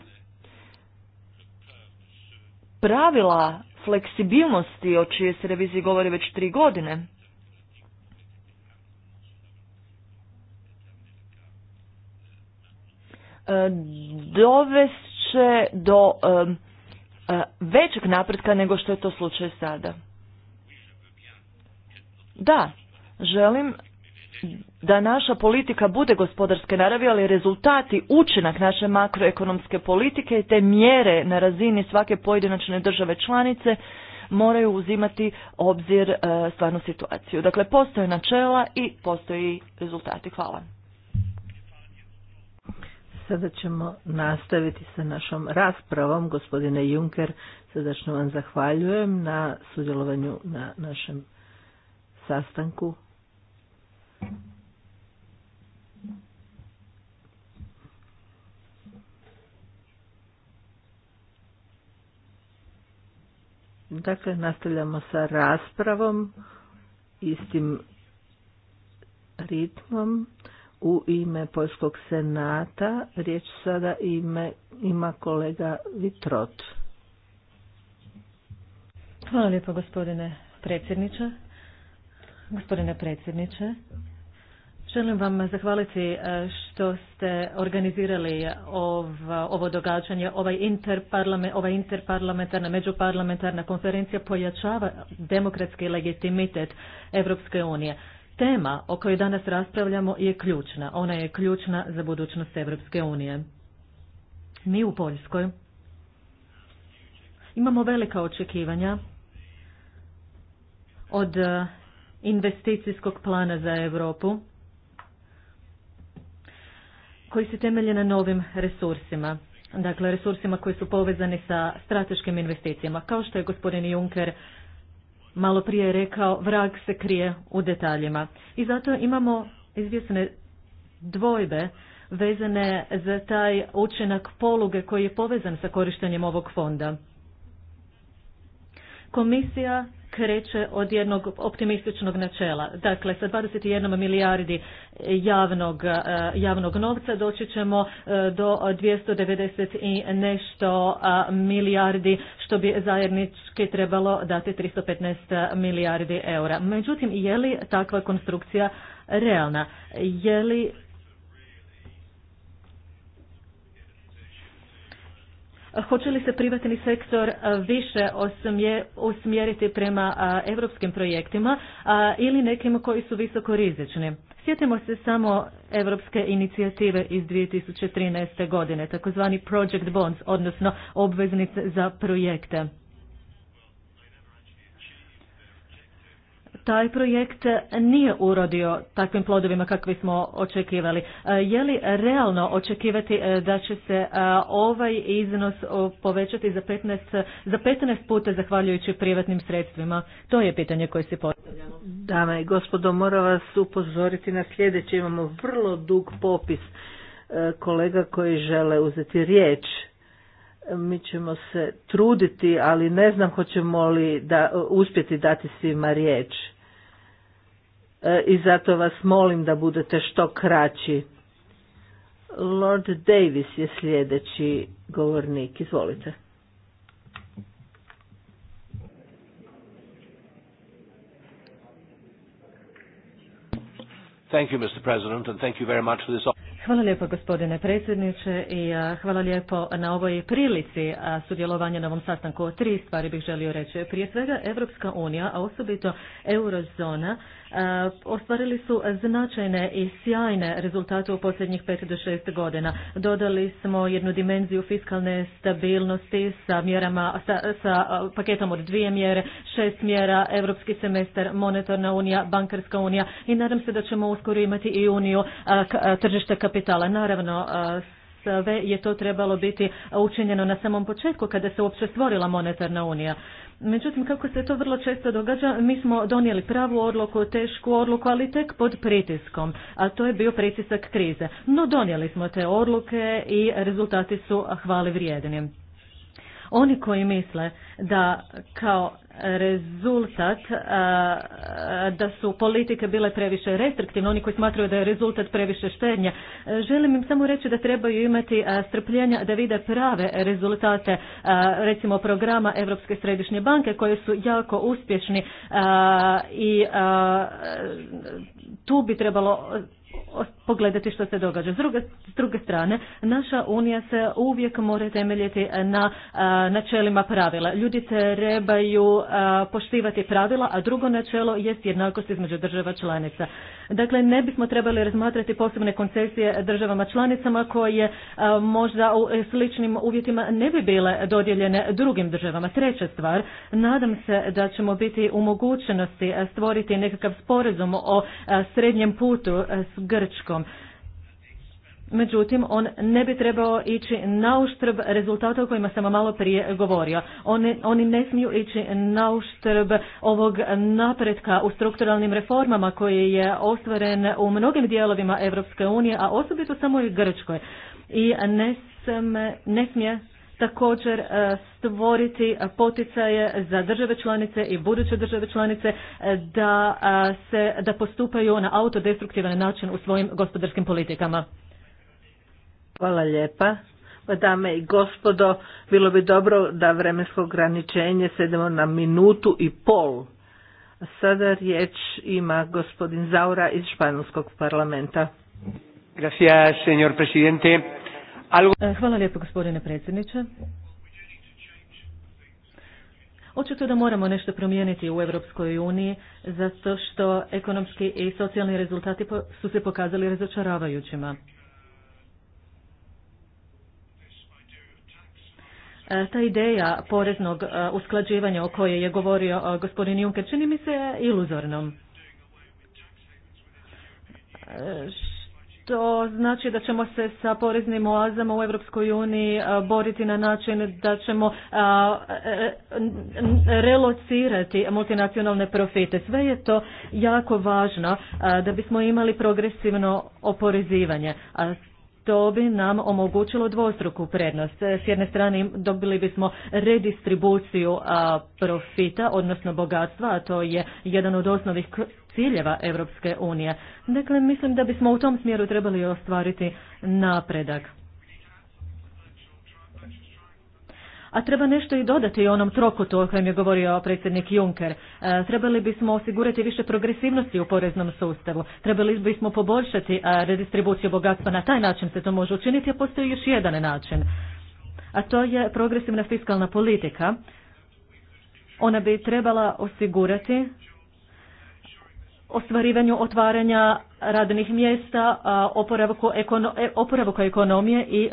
pravila fleksibilnosti o čije se reviziji govori već tri godine. E, dovest će do e, većeg napretka nego što je to slučaj sada. Da, želim da naša politika bude gospodarske naravi, ali rezultati, učinak naše makroekonomske politike i te mjere na razini svake pojedinačne države članice moraju uzimati obzir e, stvarnu situaciju. Dakle, postoje načela i postoji rezultati. Hvala. Sada ćemo nastaviti sa našom raspravom. Gospodine Juncker, srdačno vam zahvaljujem na sudjelovanju na našem sastanku. Dakle, nastavljamo sa raspravom istim ritmom. U ime Poljskog senata riječ sada ime, ima kolega Vitrot. Hvala lijepo gospodine predsjedniče. Gospodine predsjedniče, Želim vam zahvaliti e, što ste organizirali ov, ovo događanje. Ovaj ova interparlamentarna, međuparlamentarna konferencija pojačava demokratski legitimitet Evropske unije. Tema o kojoj danas raspravljamo je ključna. Ona je ključna za budućnost Evropske unije. Mi u Poljskoj imamo velika očekivanja od investicijskog plana za Europu koji se temelje na novim resursima. Dakle, resursima koji su povezani sa strateškim investicijama. Kao što je gospodin Juncker malo prije rekao, vrag se krije u detaljima. I zato imamo izvjesne dvojbe vezane za taj učinak poluge koji je povezan sa korištenjem ovog fonda. Komisija kreće od jednog optimističnog načela. Dakle, sa 21 milijardi javnog, e, javnog novca doći ćemo e, do 290 i nešto milijardi, što bi zajednički trebalo dati 315 milijardi eura. Međutim, je li takva konstrukcija realna? Je li Hoće li se privatni sektor više usmjeriti prema europskim projektima ili nekim koji su visoko rizični? Sjetimo se samo europske inicijative iz 2013. godine, takozvani Project Bonds, odnosno obveznice za projekte. taj projekt nije urodio takvim plodovima kakvi smo očekivali. E, je li realno očekivati e, da će se e, ovaj iznos povećati za 15, za 15 puta zahvaljujući privatnim sredstvima? To je pitanje koje se postavljamo. Dame i gospodo, moram vas upozoriti na sljedeće. Imamo vrlo dug popis kolega koji žele uzeti riječ mi ćemo se truditi, ali ne znam hoćemo li da uspjeti dati svima riječ. E, i zato vas molim da budete što kraći. Lord Davis je sljedeći govornik, izvolite. Thank you, Mr. President, and thank you very much for this Hvala lijepo gospodine predsjedniče i hvala lijepo na ovoj prilici sudjelovanja na ovom sastanku. Tri stvari bih želio reći. Prije svega Evropska unija, a osobito eurozona, E, ostvarili su značajne i sjajne rezultate u posljednjih pet do šest godina. Dodali smo jednu dimenziju fiskalne stabilnosti sa mjerama, sa, sa e, paketom od dvije mjere, šest mjera, Europski semestar, monetarna unija, bankarska unija i nadam se da ćemo uskoro imati i uniju e, tržišta kapitala. Naravno, sve je to trebalo biti učinjeno na samom početku kada se uopće stvorila monetarna unija. Međutim, kako se to vrlo često događa, mi smo donijeli pravu odluku, tešku odluku, ali tek pod pritiskom, a to je bio pritisak krize. No, donijeli smo te odluke i rezultati su hvale vrijedni. Oni koji misle da kao rezultat da su politike bile previše restriktivne, oni koji smatraju da je rezultat previše štednja. E, želim im samo reći da trebaju imati strpljenja da vide prave rezultate recimo programa Europske središnje banke koje su jako uspješni i tu bi trebalo pogledati što se događa. S druge, s druge strane, naša unija se uvijek mora temeljiti na načelima pravila. Ljudi trebaju E, poštivati pravila, a drugo načelo jest jednakost između država članica. Dakle, ne bismo trebali razmatrati posebne koncesije državama članicama koje e, možda u e, sličnim uvjetima ne bi bile dodijeljene drugim državama. Treća stvar, nadam se da ćemo biti u mogućnosti stvoriti nekakav sporazum o srednjem putu s Grčkom međutim on ne bi trebao ići na uštrb rezultata o kojima sam malo prije govorio. Oni, oni ne smiju ići uštrb ovog napretka u strukturalnim reformama koji je ostvaren u mnogim dijelovima Europske unije, a osobito samo i Grčkoj. I ne, ne smije također e, stvoriti poticaje za države članice i buduće države članice e, da, se, da postupaju na autodestruktivan način u svojim gospodarskim politikama. Hvala lijepa. Pa dame i gospodo, bilo bi dobro da vremensko ograničenje sedemo na minutu i pol. Sada riječ ima gospodin Zaura iz Španjolskog parlamenta. Gracias, señor presidente. Algo... E, hvala lijepo gospodine predsjedniče. Očito da moramo nešto promijeniti u Europskoj uniji zato što ekonomski i socijalni rezultati su se pokazali razočaravajućima. E, ta ideja poreznog e, usklađivanja o kojoj je govorio e, gospodin Juncker čini mi se iluzornom. To znači da ćemo se sa poreznim oazama u Europskoj uniji boriti na način da ćemo relocirati multinacionalne profite. Sve je to jako važno da bismo imali progresivno oporezivanje. A to bi nam omogućilo dvostruku prednost. S jedne strane dobili bismo redistribuciju profita, odnosno bogatstva, a to je jedan od osnovnih ciljeva Europske unije. Dakle, mislim da bismo u tom smjeru trebali ostvariti napredak. A treba nešto i dodati onom trokutu o kojem je govorio predsjednik Juncker. E, trebali bismo osigurati više progresivnosti u poreznom sustavu. Trebali bismo poboljšati e, redistribuciju bogatstva. Na taj način se to može učiniti, a postoji još jedan način. A to je progresivna fiskalna politika. Ona bi trebala osigurati ostvarivanju otvaranja radnih mjesta, oporavku, ekono, e, oporavku ekonomije i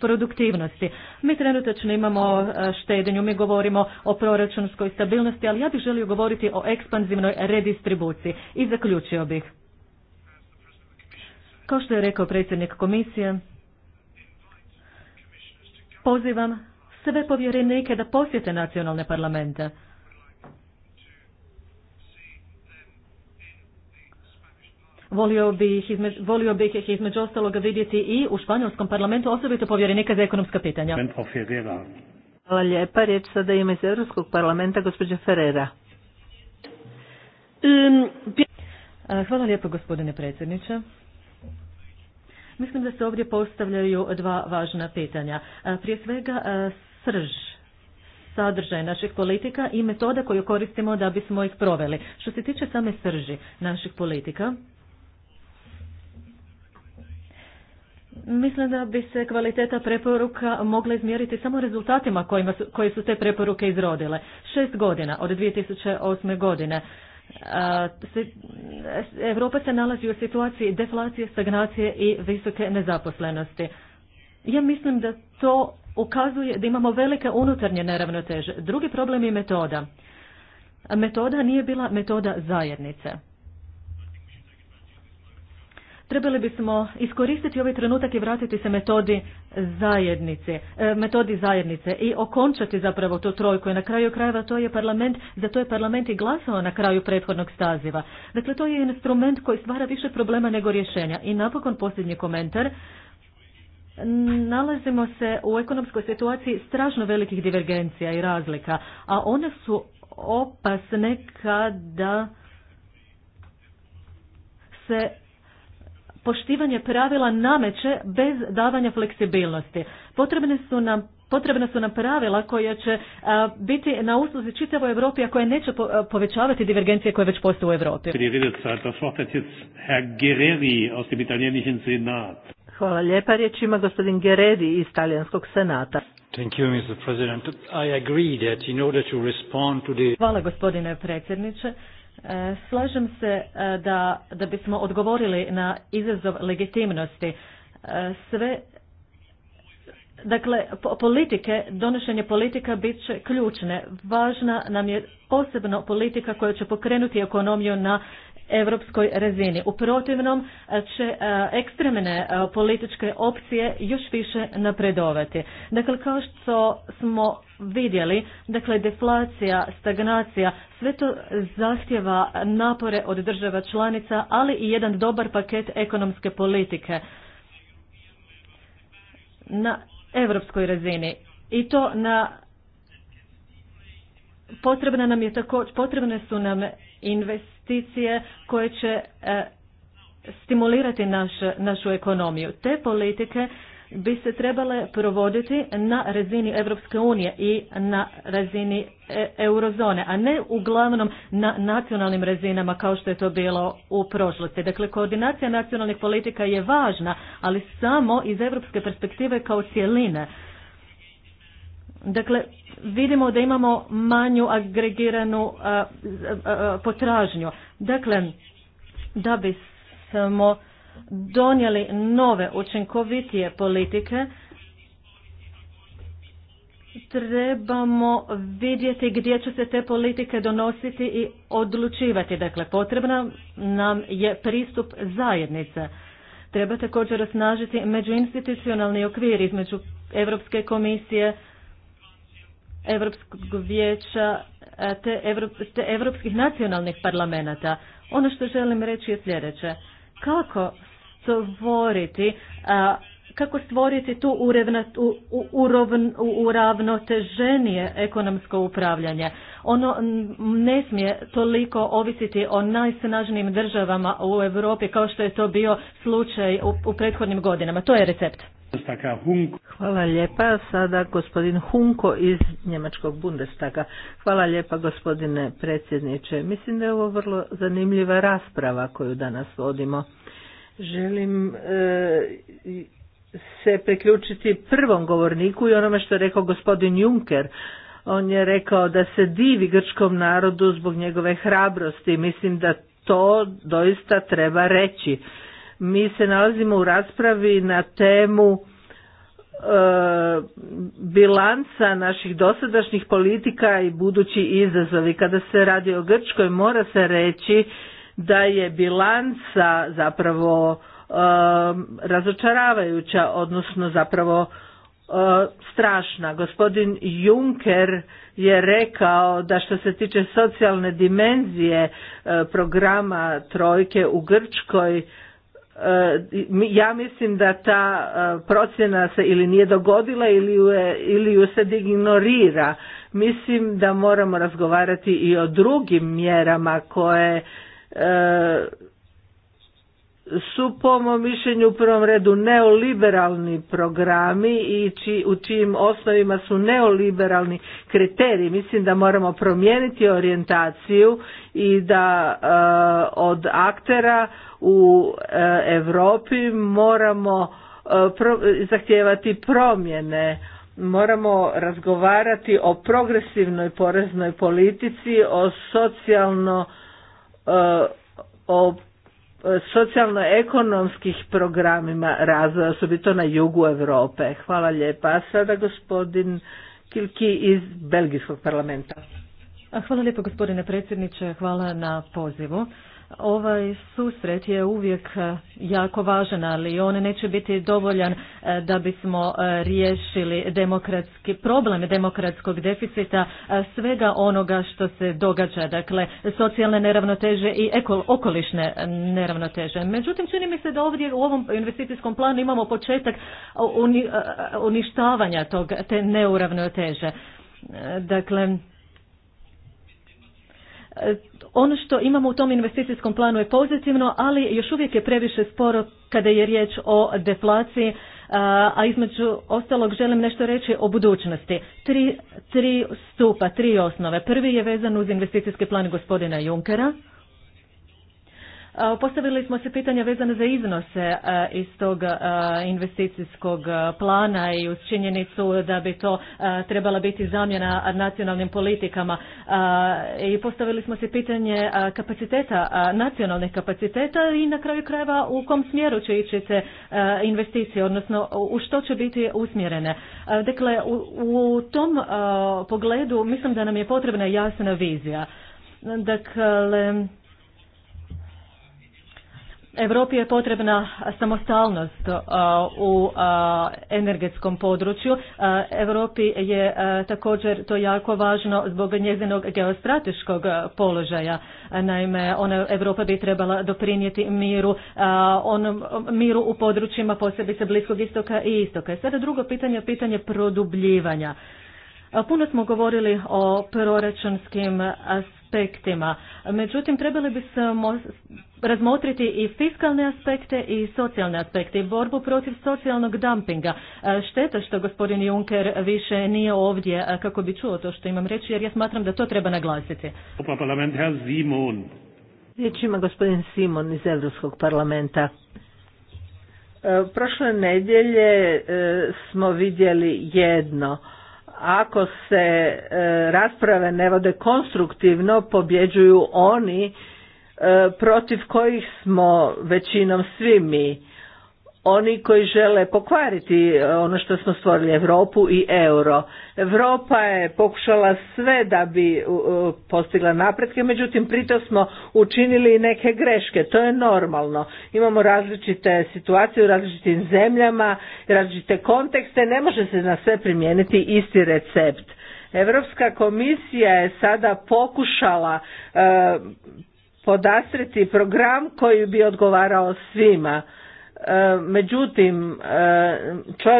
produktivnosti. Mi trenutačno imamo e, štedenju, mi govorimo o proračunskoj stabilnosti, ali ja bih želio govoriti o ekspanzivnoj redistribuciji i zaključio bih. Kao što je rekao predsjednik komisije, pozivam sve povjerenike da posjete nacionalne parlamente. Volio bih, između, volio bih ih između ostaloga vidjeti i u španjolskom parlamentu, osobito povjerenika za ekonomska pitanja. Hvala lijepa. Riječ sada ima iz Europskog parlamenta gospođa Ferreira. Um, hvala lijepo gospodine predsjedniče. Mislim da se ovdje postavljaju dva važna pitanja. Prije svega srž sadržaj naših politika i metoda koju koristimo da bismo ih proveli. Što se tiče same srži naših politika, Mislim da bi se kvaliteta preporuka mogla izmjeriti samo rezultatima kojima su, koje su te preporuke izrodile. Šest godina, od 2008. godine, Europa se nalazi u situaciji deflacije, stagnacije i visoke nezaposlenosti. Ja mislim da to ukazuje da imamo velike unutarnje neravnoteže. Drugi problem je metoda. Metoda nije bila metoda zajednice. Trebali bismo iskoristiti ovaj trenutak i vratiti se metodi zajednice, e, metodi zajednice i okončati zapravo tu trojku. I na kraju krajeva to je parlament, za to je parlament i glasao na kraju prethodnog staziva. Dakle, to je instrument koji stvara više problema nego rješenja. I napokon posljednji komentar. Nalazimo se u ekonomskoj situaciji strašno velikih divergencija i razlika, a one su opasne kada se poštivanje pravila nameće bez davanja fleksibilnosti. Potrebne su nam Potrebna su nam pravila koja će biti na usluzi čitavoj Europi, a koja neće povećavati divergencije koje već postoje u Europi. Hvala lijepa. Riječ ima gospodin Geredi iz Talijanskog senata. Thank you, Hvala gospodine predsjedniče. E, slažem se e, da, da bismo odgovorili na izazov legitimnosti. E, sve Dakle, politike, donošenje politika bit će ključne. Važna nam je posebno politika koja će pokrenuti ekonomiju na europskoj razini. U protivnom e, će e, ekstremne e, političke opcije još više napredovati. Dakle, kao što smo vidjeli, dakle, deflacija, stagnacija, sve to zahtjeva napore od država članica, ali i jedan dobar paket ekonomske politike na europskoj razini. I to na potrebna nam je tako potrebne su nam investicije koje će e, stimulirati našu ekonomiju. Te politike bi se trebale provoditi na razini Europske unije i na razini e, eurozone, a ne uglavnom na nacionalnim razinama kao što je to bilo u prošlosti. Dakle, koordinacija nacionalnih politika je važna, ali samo iz europske perspektive kao cjeline Dakle, vidimo da imamo manju agregiranu uh, uh, uh, potražnju. Dakle, da bismo donijeli nove učinkovitije politike, trebamo vidjeti gdje će se te politike donositi i odlučivati. Dakle, potrebna nam je pristup zajednice. Treba također osnažiti međuinstitucionalni okvir između Europske komisije, Europskog vijeća e, te, Evrop, Europskih nacionalnih parlamenta. Ono što želim reći je sljedeće. Kako stvoriti kako stvoriti tu u, uravnoteženije ekonomsko upravljanje. Ono ne smije toliko ovisiti o najsnažnijim državama u Europi kao što je to bio slučaj u, u prethodnim godinama. To je recept. Hvala lijepa. Sada gospodin Hunko iz Njemačkog Bundestaga. Hvala lijepa gospodine predsjedniče. Mislim da je ovo vrlo zanimljiva rasprava koju danas vodimo. Želim eh, se priključiti prvom govorniku i onome što je rekao gospodin Juncker. On je rekao da se divi grčkom narodu zbog njegove hrabrosti. Mislim da to doista treba reći. Mi se nalazimo u raspravi na temu e, bilanca naših dosadašnjih politika i budući izazovi. Kada se radi o Grčkoj mora se reći da je bilanca zapravo e, razočaravajuća, odnosno zapravo e, strašna. Gospodin Juncker je rekao da što se tiče socijalne dimenzije programa Trojke u Grčkoj ja mislim da ta e, procjena se ili nije dogodila ili ju, je, ili ju se ignorira. Mislim da moramo razgovarati i o drugim mjerama koje e, su po mom mišljenju u prvom redu neoliberalni programi i u čijim osnovima su neoliberalni kriteriji. Mislim da moramo promijeniti orijentaciju i da e, od aktera u e, Europi moramo e, zahtijevati promjene moramo razgovarati o progresivnoj poreznoj politici o socijalno e, o socijalno-ekonomskih programima razvoja, osobito na jugu Europe. Hvala lijepa. A sada gospodin Kilki iz Belgijskog parlamenta. Hvala lijepo gospodine predsjedniče, hvala na pozivu. Ovaj susret je uvijek e, jako važan, ali on neće biti dovoljan e, da bismo e, riješili demokratski problem demokratskog deficita svega onoga što se događa, dakle socijalne neravnoteže i okolišne neravnoteže. Međutim, čini mi se da ovdje u ovom investicijskom planu imamo početak uništavanja tog, te neuravnoteže. Dakle, ono što imamo u tom investicijskom planu je pozitivno, ali još uvijek je previše sporo kada je riječ o deflaciji, a između ostalog želim nešto reći o budućnosti. Tri, stupa, tri osnove. Prvi je vezan uz investicijski plan gospodina Junkera. Postavili smo se pitanja vezane za iznose iz tog investicijskog plana i uz činjenicu da bi to trebala biti zamjena nacionalnim politikama. I postavili smo se pitanje kapaciteta, nacionalnih kapaciteta i na kraju krajeva u kom smjeru će ići se investicije, odnosno u što će biti usmjerene. Dakle, u, u tom pogledu mislim da nam je potrebna jasna vizija. Dakle, Europi je potrebna samostalnost uh, u uh, energetskom području. Uh, Europi je također to jako važno zbog njezinog geostrateškog položaja. Naime, ona Europa bi trebala doprinijeti miru, onom miru u područjima posebice Bliskog istoka i istoka. sada drugo pitanje, pitanje produbljivanja. Puno smo govorili o proračunskim aspektima. Međutim, trebali bismo razmotriti i fiskalne aspekte i socijalne aspekte i borbu protiv socijalnog dumpinga. E, šteta što gospodin Juncker više nije ovdje e, kako bi čuo to što imam reći, jer ja smatram da to treba naglasiti. Riječ ima gospodin Simon iz Evropskog parlamenta. E, prošle nedjelje smo vidjeli jedno ako se e, rasprave ne vode konstruktivno, pobjeđuju oni e, protiv kojih smo većinom svi mi oni koji žele pokvariti e, ono što smo stvorili Europu i euro. Europa je pokušala sve da bi e, postigla napretke, međutim pritom smo učinili i neke greške, to je normalno. Imamo različite situacije u različitim zemljama, različite kontekste, ne može se na sve primijeniti isti recept. Europska komisija je sada pokušala e, podastriti program koji bi odgovarao svima E, međutim, e,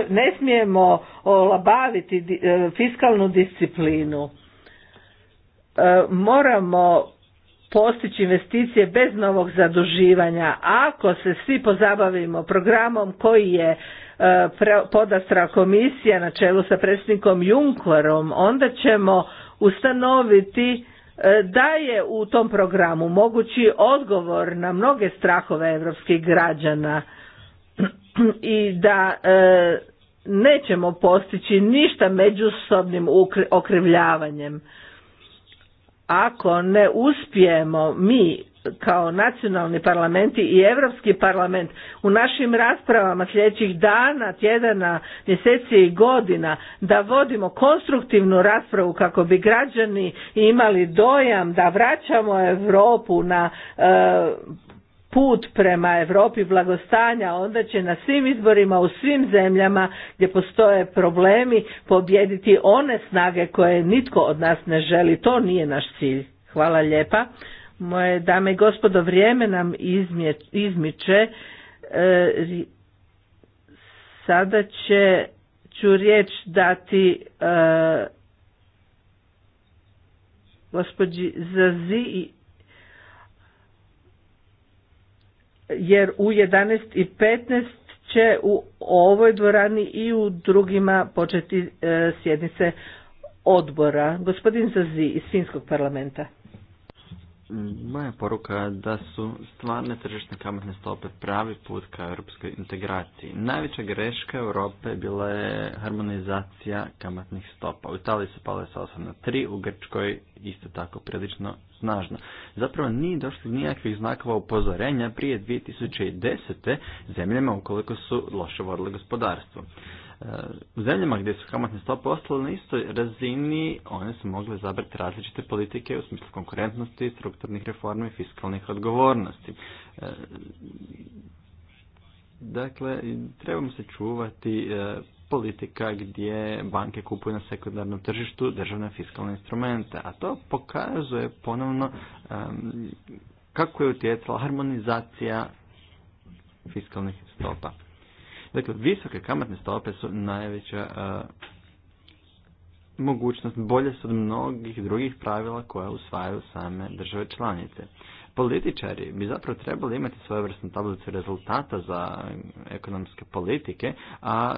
ne smijemo olabaviti e, fiskalnu disciplinu. Moramo postići investicije bez novog zaduživanja. Ako se svi pozabavimo programom koji je podastra komisija na čelu sa predsjednikom Junckerom, onda ćemo ustanoviti da je u tom programu mogući odgovor na mnoge strahove evropskih građana i da e, nećemo postići ništa međusobnim okrivljavanjem. Ako ne uspijemo mi kao nacionalni parlamenti i Europski parlament u našim raspravama sljedećih dana, tjedana, mjeseci i godina da vodimo konstruktivnu raspravu kako bi građani imali dojam da vraćamo Europu na e, put prema Europi blagostanja, onda će na svim izborima u svim zemljama gdje postoje problemi pobjediti one snage koje nitko od nas ne želi. To nije naš cilj. Hvala lijepa. Moje dame i gospodo, vrijeme nam izmiče. E, sada će, ću riječ dati e, gospođi Zazi i jer u 11 i 15 će u ovoj dvorani i u drugima početi e, sjednice odbora. Gospodin Zazi iz Finskog parlamenta. Moja poruka je da su stvarne tržišne kamatne stope pravi put ka europskoj integraciji. Najveća greška Europe bila je harmonizacija kamatnih stopa. U Italiji su pale sa 8 na 3, u Grčkoj isto tako prilično snažno. Zapravo nije došlo nijakvih znakova upozorenja prije 2010. zemljama ukoliko su loše vodile gospodarstvo. U zemljama gdje su kamatne stope ostale na istoj razini, one su mogle zabrati različite politike u smislu konkurentnosti, strukturnih reformi, fiskalnih odgovornosti. E, dakle, trebamo se čuvati e, politika gdje banke kupuju na sekundarnom tržištu državne fiskalne instrumente, a to pokazuje ponovno e, kako je utjecala harmonizacija fiskalnih stopa. Dakle, visoke kamatne stope su najveća e, mogućnost bolje su od mnogih drugih pravila koja usvajaju same države članice. Političari bi zapravo trebali imati svojevrsnu tablicu rezultata za ekonomske politike, a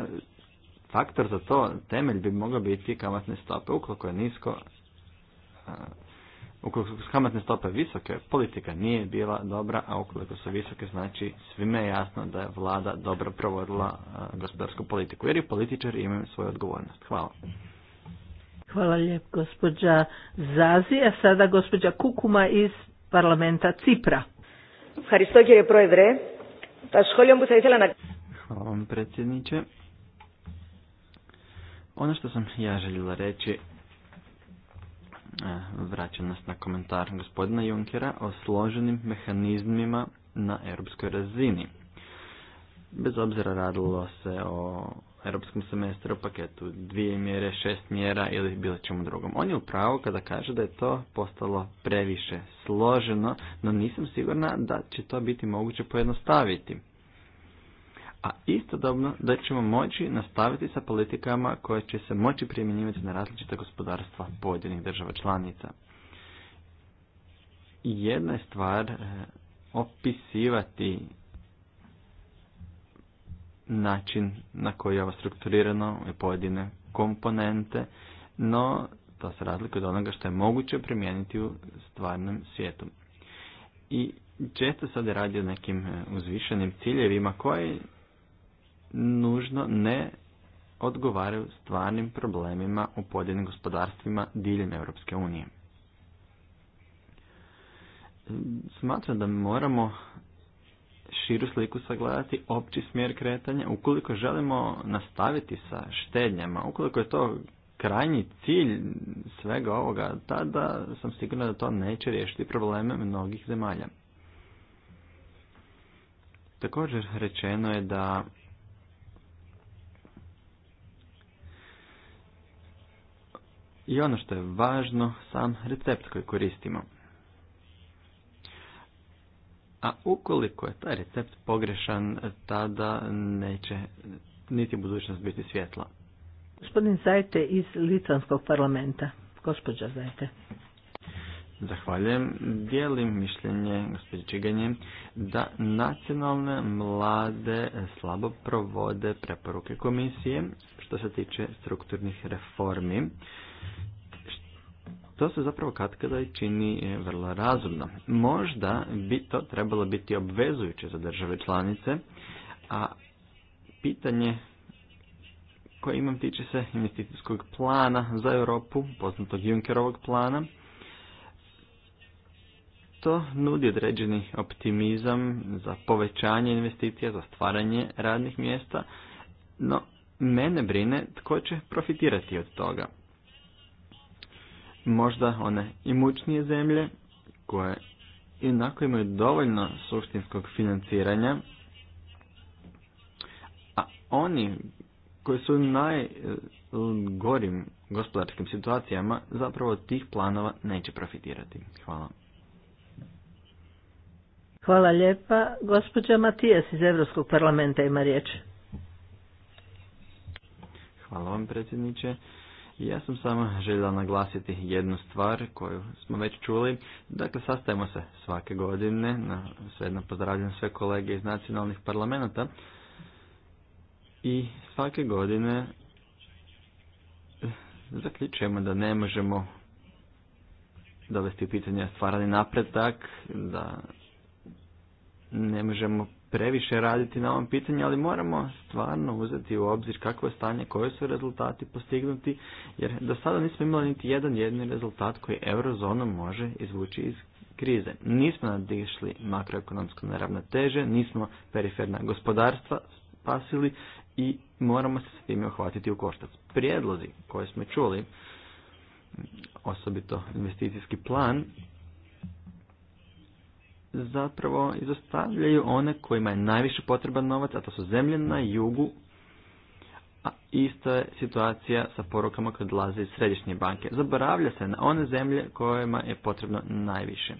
faktor za to temelj bi mogao biti kamatne stope. Ukoliko je nisko, e, Ukoliko su kamatne stope visoke, politika nije bila dobra, a ukoliko su visoke, znači svime je jasno da je vlada dobro provodila gospodarsku politiku, jer i političari imaju svoju odgovornost. Hvala. Hvala lijep gospođa Zazi, a sada gospođa Kukuma iz parlamenta Cipra. Eh? Hvala vam predsjedniče. Ono što sam ja željela reći E, Vraća nas na komentar gospodina Junkera o složenim mehanizmima na europskoj razini. Bez obzira radilo se o europskom semestru, paketu dvije mjere, šest mjera ili bilo čemu drugom. On je u pravu kada kaže da je to postalo previše složeno, no nisam sigurna da će to biti moguće pojednostaviti a istodobno da ćemo moći nastaviti sa politikama koje će se moći primjenjivati na različite gospodarstva pojedinih država članica. Jedna je stvar eh, opisivati način na koji je ovo strukturirano i pojedine komponente, no to se razlikuje od onoga što je moguće primijeniti u stvarnom svijetu. I često sad radi o nekim eh, uzvišenim ciljevima koji nužno ne odgovaraju stvarnim problemima u pojedinim gospodarstvima diljem Europske unije. Smatram da moramo širu sliku sagledati opći smjer kretanja ukoliko želimo nastaviti sa štednjama, ukoliko je to krajnji cilj svega ovoga, tada sam sigurna da to neće riješiti probleme mnogih zemalja. Također rečeno je da i ono što je važno, sam recept koji koristimo. A ukoliko je taj recept pogrešan, tada neće niti budućnost biti svjetla. Gospodin Zajte iz Litvanskog parlamenta. Gospođa Zajte. Zahvaljujem. Dijelim mišljenje, gospođe Čiganje, da nacionalne mlade slabo provode preporuke komisije što se tiče strukturnih reformi to se zapravo katkada i čini e, vrlo razumno. Možda bi to trebalo biti obvezujuće za države članice, a pitanje koje imam tiče se investicijskog plana za Europu, poznatog Junckerovog plana, to nudi određeni optimizam za povećanje investicija, za stvaranje radnih mjesta, no mene brine tko će profitirati od toga možda one imućnije zemlje koje inako imaju dovoljno suštinskog financiranja, a oni koji su u najgorim gospodarskim situacijama zapravo od tih planova neće profitirati. Hvala. Hvala lijepa. Gospođa Matijas iz Evropskog parlamenta ima riječ. Hvala vam predsjedniče. Ja sam samo željela naglasiti jednu stvar koju smo već čuli. Dakle, sastajemo se svake godine, na, svejedno pozdravljam sve kolege iz nacionalnih parlamenta i svake godine zaključujemo da ne možemo dovesti u pitanje stvarani napredak, da ne možemo previše raditi na ovom pitanju, ali moramo stvarno uzeti u obzir kakvo je stanje, koji su rezultati postignuti, jer do sada nismo imali niti jedan jedni rezultat koji Eurozona može izvući iz krize. Nismo nadišli makroekonomsko neravnoteže, nismo periferna gospodarstva spasili i moramo se s time ohvatiti u koštac. Prijedlozi koje smo čuli, osobito investicijski plan, zapravo izostavljaju one kojima je najviše potreban novac, a to su zemlje na jugu, a ista je situacija sa porukama kad dolaze iz središnje banke. Zaboravlja se na one zemlje kojima je potrebno najviše.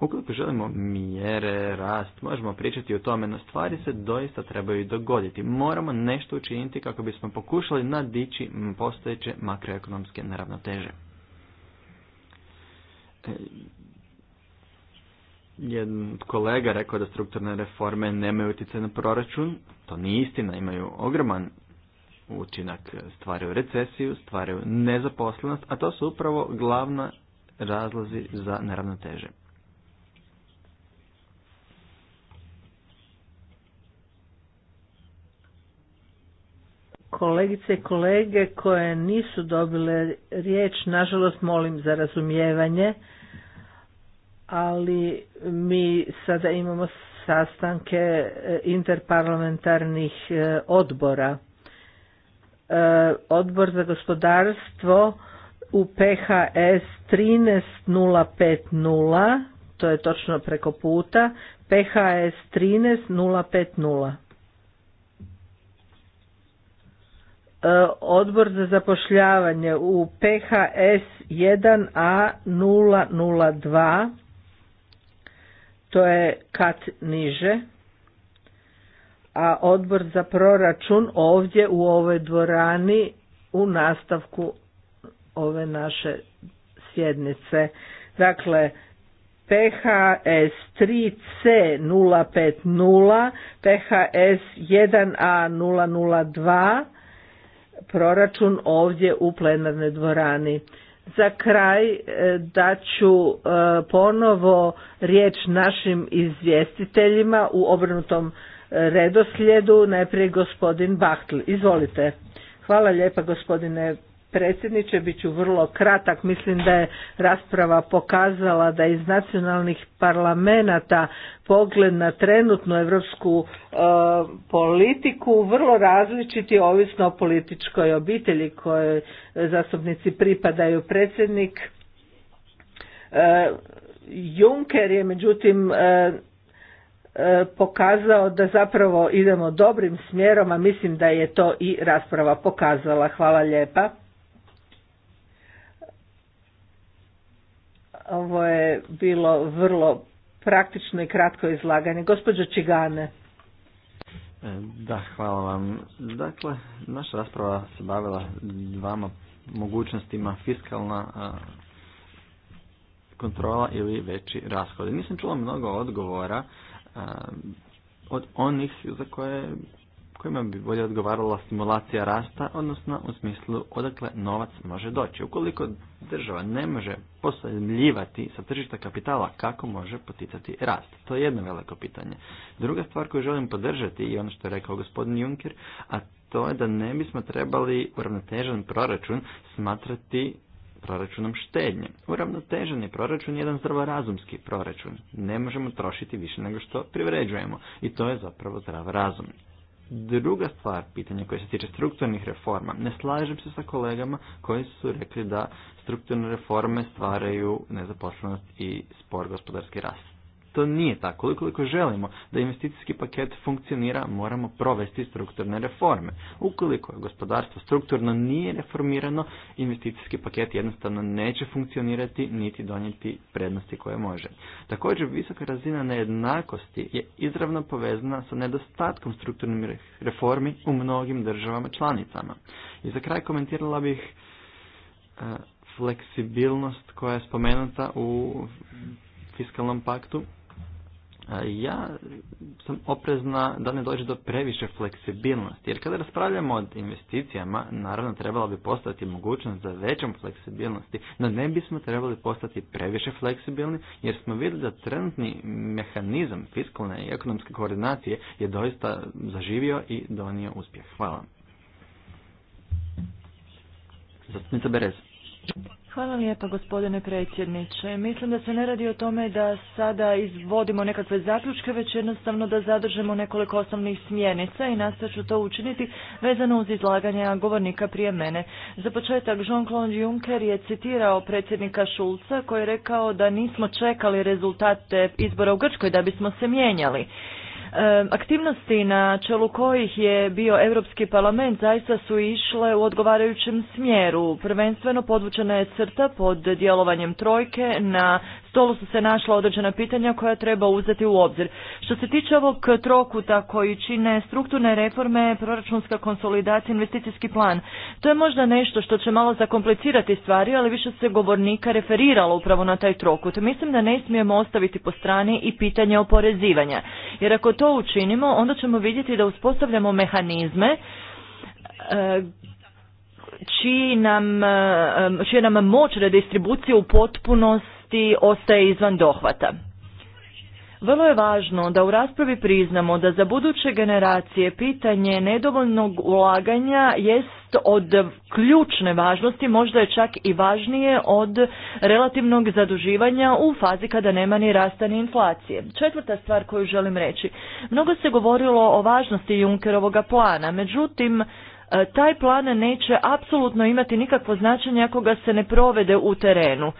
Ukoliko želimo mjere, rast, možemo pričati o tome, no stvari se doista trebaju dogoditi. Moramo nešto učiniti kako bismo pokušali nadići postojeće makroekonomske neravnoteže e, jedan od kolega rekao da strukturne reforme nemaju utjecaj na proračun. To nije istina, imaju ogroman učinak. Stvaraju recesiju, stvaraju nezaposlenost, a to su upravo glavna razlozi za neravnoteže. kolegice i kolege koje nisu dobile riječ, nažalost molim za razumijevanje ali mi sada imamo sastanke e, interparlamentarnih e, odbora. E, odbor za gospodarstvo u PHS 13050, to je točno preko puta, PHS 13050. Odbor za zapošljavanje u PHS 1A002 to je kat niže, a odbor za proračun ovdje u ovoj dvorani u nastavku ove naše sjednice. Dakle, PHS 3C 050, PHS 1A 002, proračun ovdje u plenarnoj dvorani. Za kraj e, ću e, ponovo riječ našim izvjestiteljima u obrnutom e, redoslijedu. Najprije gospodin Bahtl. Izvolite. Hvala lijepa gospodine predsjedniče, bit ću vrlo kratak. Mislim da je rasprava pokazala da iz nacionalnih parlamenta pogled na trenutnu europsku e, politiku vrlo različiti ovisno o političkoj obitelji koje zastupnici pripadaju predsjednik. E, Juncker je međutim e, pokazao da zapravo idemo dobrim smjerom, a mislim da je to i rasprava pokazala. Hvala lijepa. Ovo je bilo vrlo praktično i kratko izlaganje. Gospođo Čigane. E, da, hvala vam. Dakle, naša rasprava se bavila dvama mogućnostima fiskalna kontrola ili veći rashodi. Nisam čula mnogo odgovora od onih za koje kojima bi bolje odgovarala simulacija rasta, odnosno u smislu odakle novac može doći. Ukoliko država ne može posljedljivati sa tržišta kapitala, kako može poticati rast? To je jedno veliko pitanje. Druga stvar koju želim podržati i ono što je rekao gospodin Juncker, a to je da ne bismo trebali uravnotežan proračun smatrati proračunom štednje. Uravnotežen je proračun jedan zdravorazumski proračun. Ne možemo trošiti više nego što privređujemo. I to je zapravo zdrav razum. Druga stvar, pitanje koje se tiče strukturnih reforma. Ne slažem se sa kolegama koji su rekli da strukturne reforme stvaraju nezaposlenost i spor gospodarski rast to nije tako. Ukoliko želimo da investicijski paket funkcionira, moramo provesti strukturne reforme. Ukoliko je gospodarstvo strukturno nije reformirano, investicijski paket jednostavno neće funkcionirati niti donijeti prednosti koje može. Također, visoka razina nejednakosti je izravno povezana sa nedostatkom strukturnih reformi u mnogim državama članicama. I za kraj komentirala bih e, fleksibilnost koja je spomenuta u fiskalnom paktu ja sam oprezna da ne dođe do previše fleksibilnosti. Jer kada raspravljamo o investicijama, naravno trebala bi postati mogućnost za većom fleksibilnosti, no ne bismo trebali postati previše fleksibilni, jer smo vidjeli da trenutni mehanizam fiskalne i ekonomske koordinacije je doista zaživio i donio uspjeh. Hvala. Zastupnica Berez. Hvala lijepa gospodine predsjedniče. Mislim da se ne radi o tome da sada izvodimo nekakve zaključke, već jednostavno da zadržemo nekoliko osnovnih smjenica i nastojat ću to učiniti vezano uz izlaganja govornika prije mene. Za početak Jean-Claude Juncker je citirao predsjednika Šulca koji je rekao da nismo čekali rezultate izbora u Grčkoj da bismo se mijenjali. Aktivnosti na čelu kojih je bio Europski parlament zaista su išle u odgovarajućem smjeru. Prvenstveno podvučena je crta pod djelovanjem trojke, na stolu su se našla određena pitanja koja treba uzeti u obzir. Što se tiče ovog trokuta koji čine strukturne reforme, proračunska konsolidacija, investicijski plan, to je možda nešto što će malo zakomplicirati stvari, ali više se govornika referiralo upravo na taj trokut. Mislim da ne smijemo ostaviti po strani i pitanje oporezivanja. Jer ako to to učinimo, onda ćemo vidjeti da uspostavljamo mehanizme e, čiji e, nam moć redistribucije u potpunosti ostaje izvan dohvata. Vrlo je važno da u raspravi priznamo da za buduće generacije pitanje nedovoljnog ulaganja jest od ključne važnosti, možda je čak i važnije od relativnog zaduživanja u fazi kada nema ni rasta ni inflacije. Četvrta stvar koju želim reći. Mnogo se govorilo o važnosti Junkerovog plana, međutim e, taj plan neće apsolutno imati nikakvo značenje ako ga se ne provede u terenu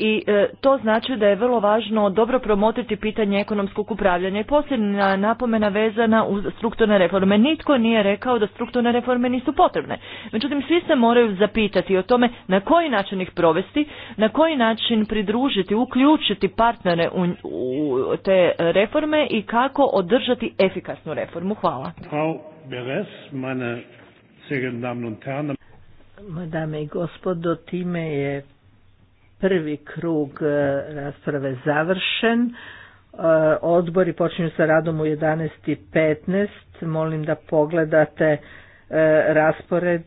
i e, to znači da je vrlo važno dobro promotriti pitanje ekonomskog upravljanja. I posljedna napomena vezana uz strukturne reforme. Nitko nije rekao da strukturne reforme nisu potrebne. Međutim, svi se moraju zapitati o tome na koji način ih provesti, na koji način pridružiti, uključiti partnere u, te reforme i kako održati efikasnu reformu. Hvala. Madame i gospodo, time je prvi krug e, rasprave završen. E, odbori počinju sa radom u 11.15. Molim da pogledate e, raspored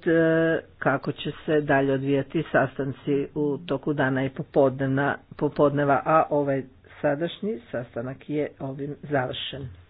kako će se dalje odvijati sastanci u toku dana i popodneva, a ovaj sadašnji sastanak je ovim završen.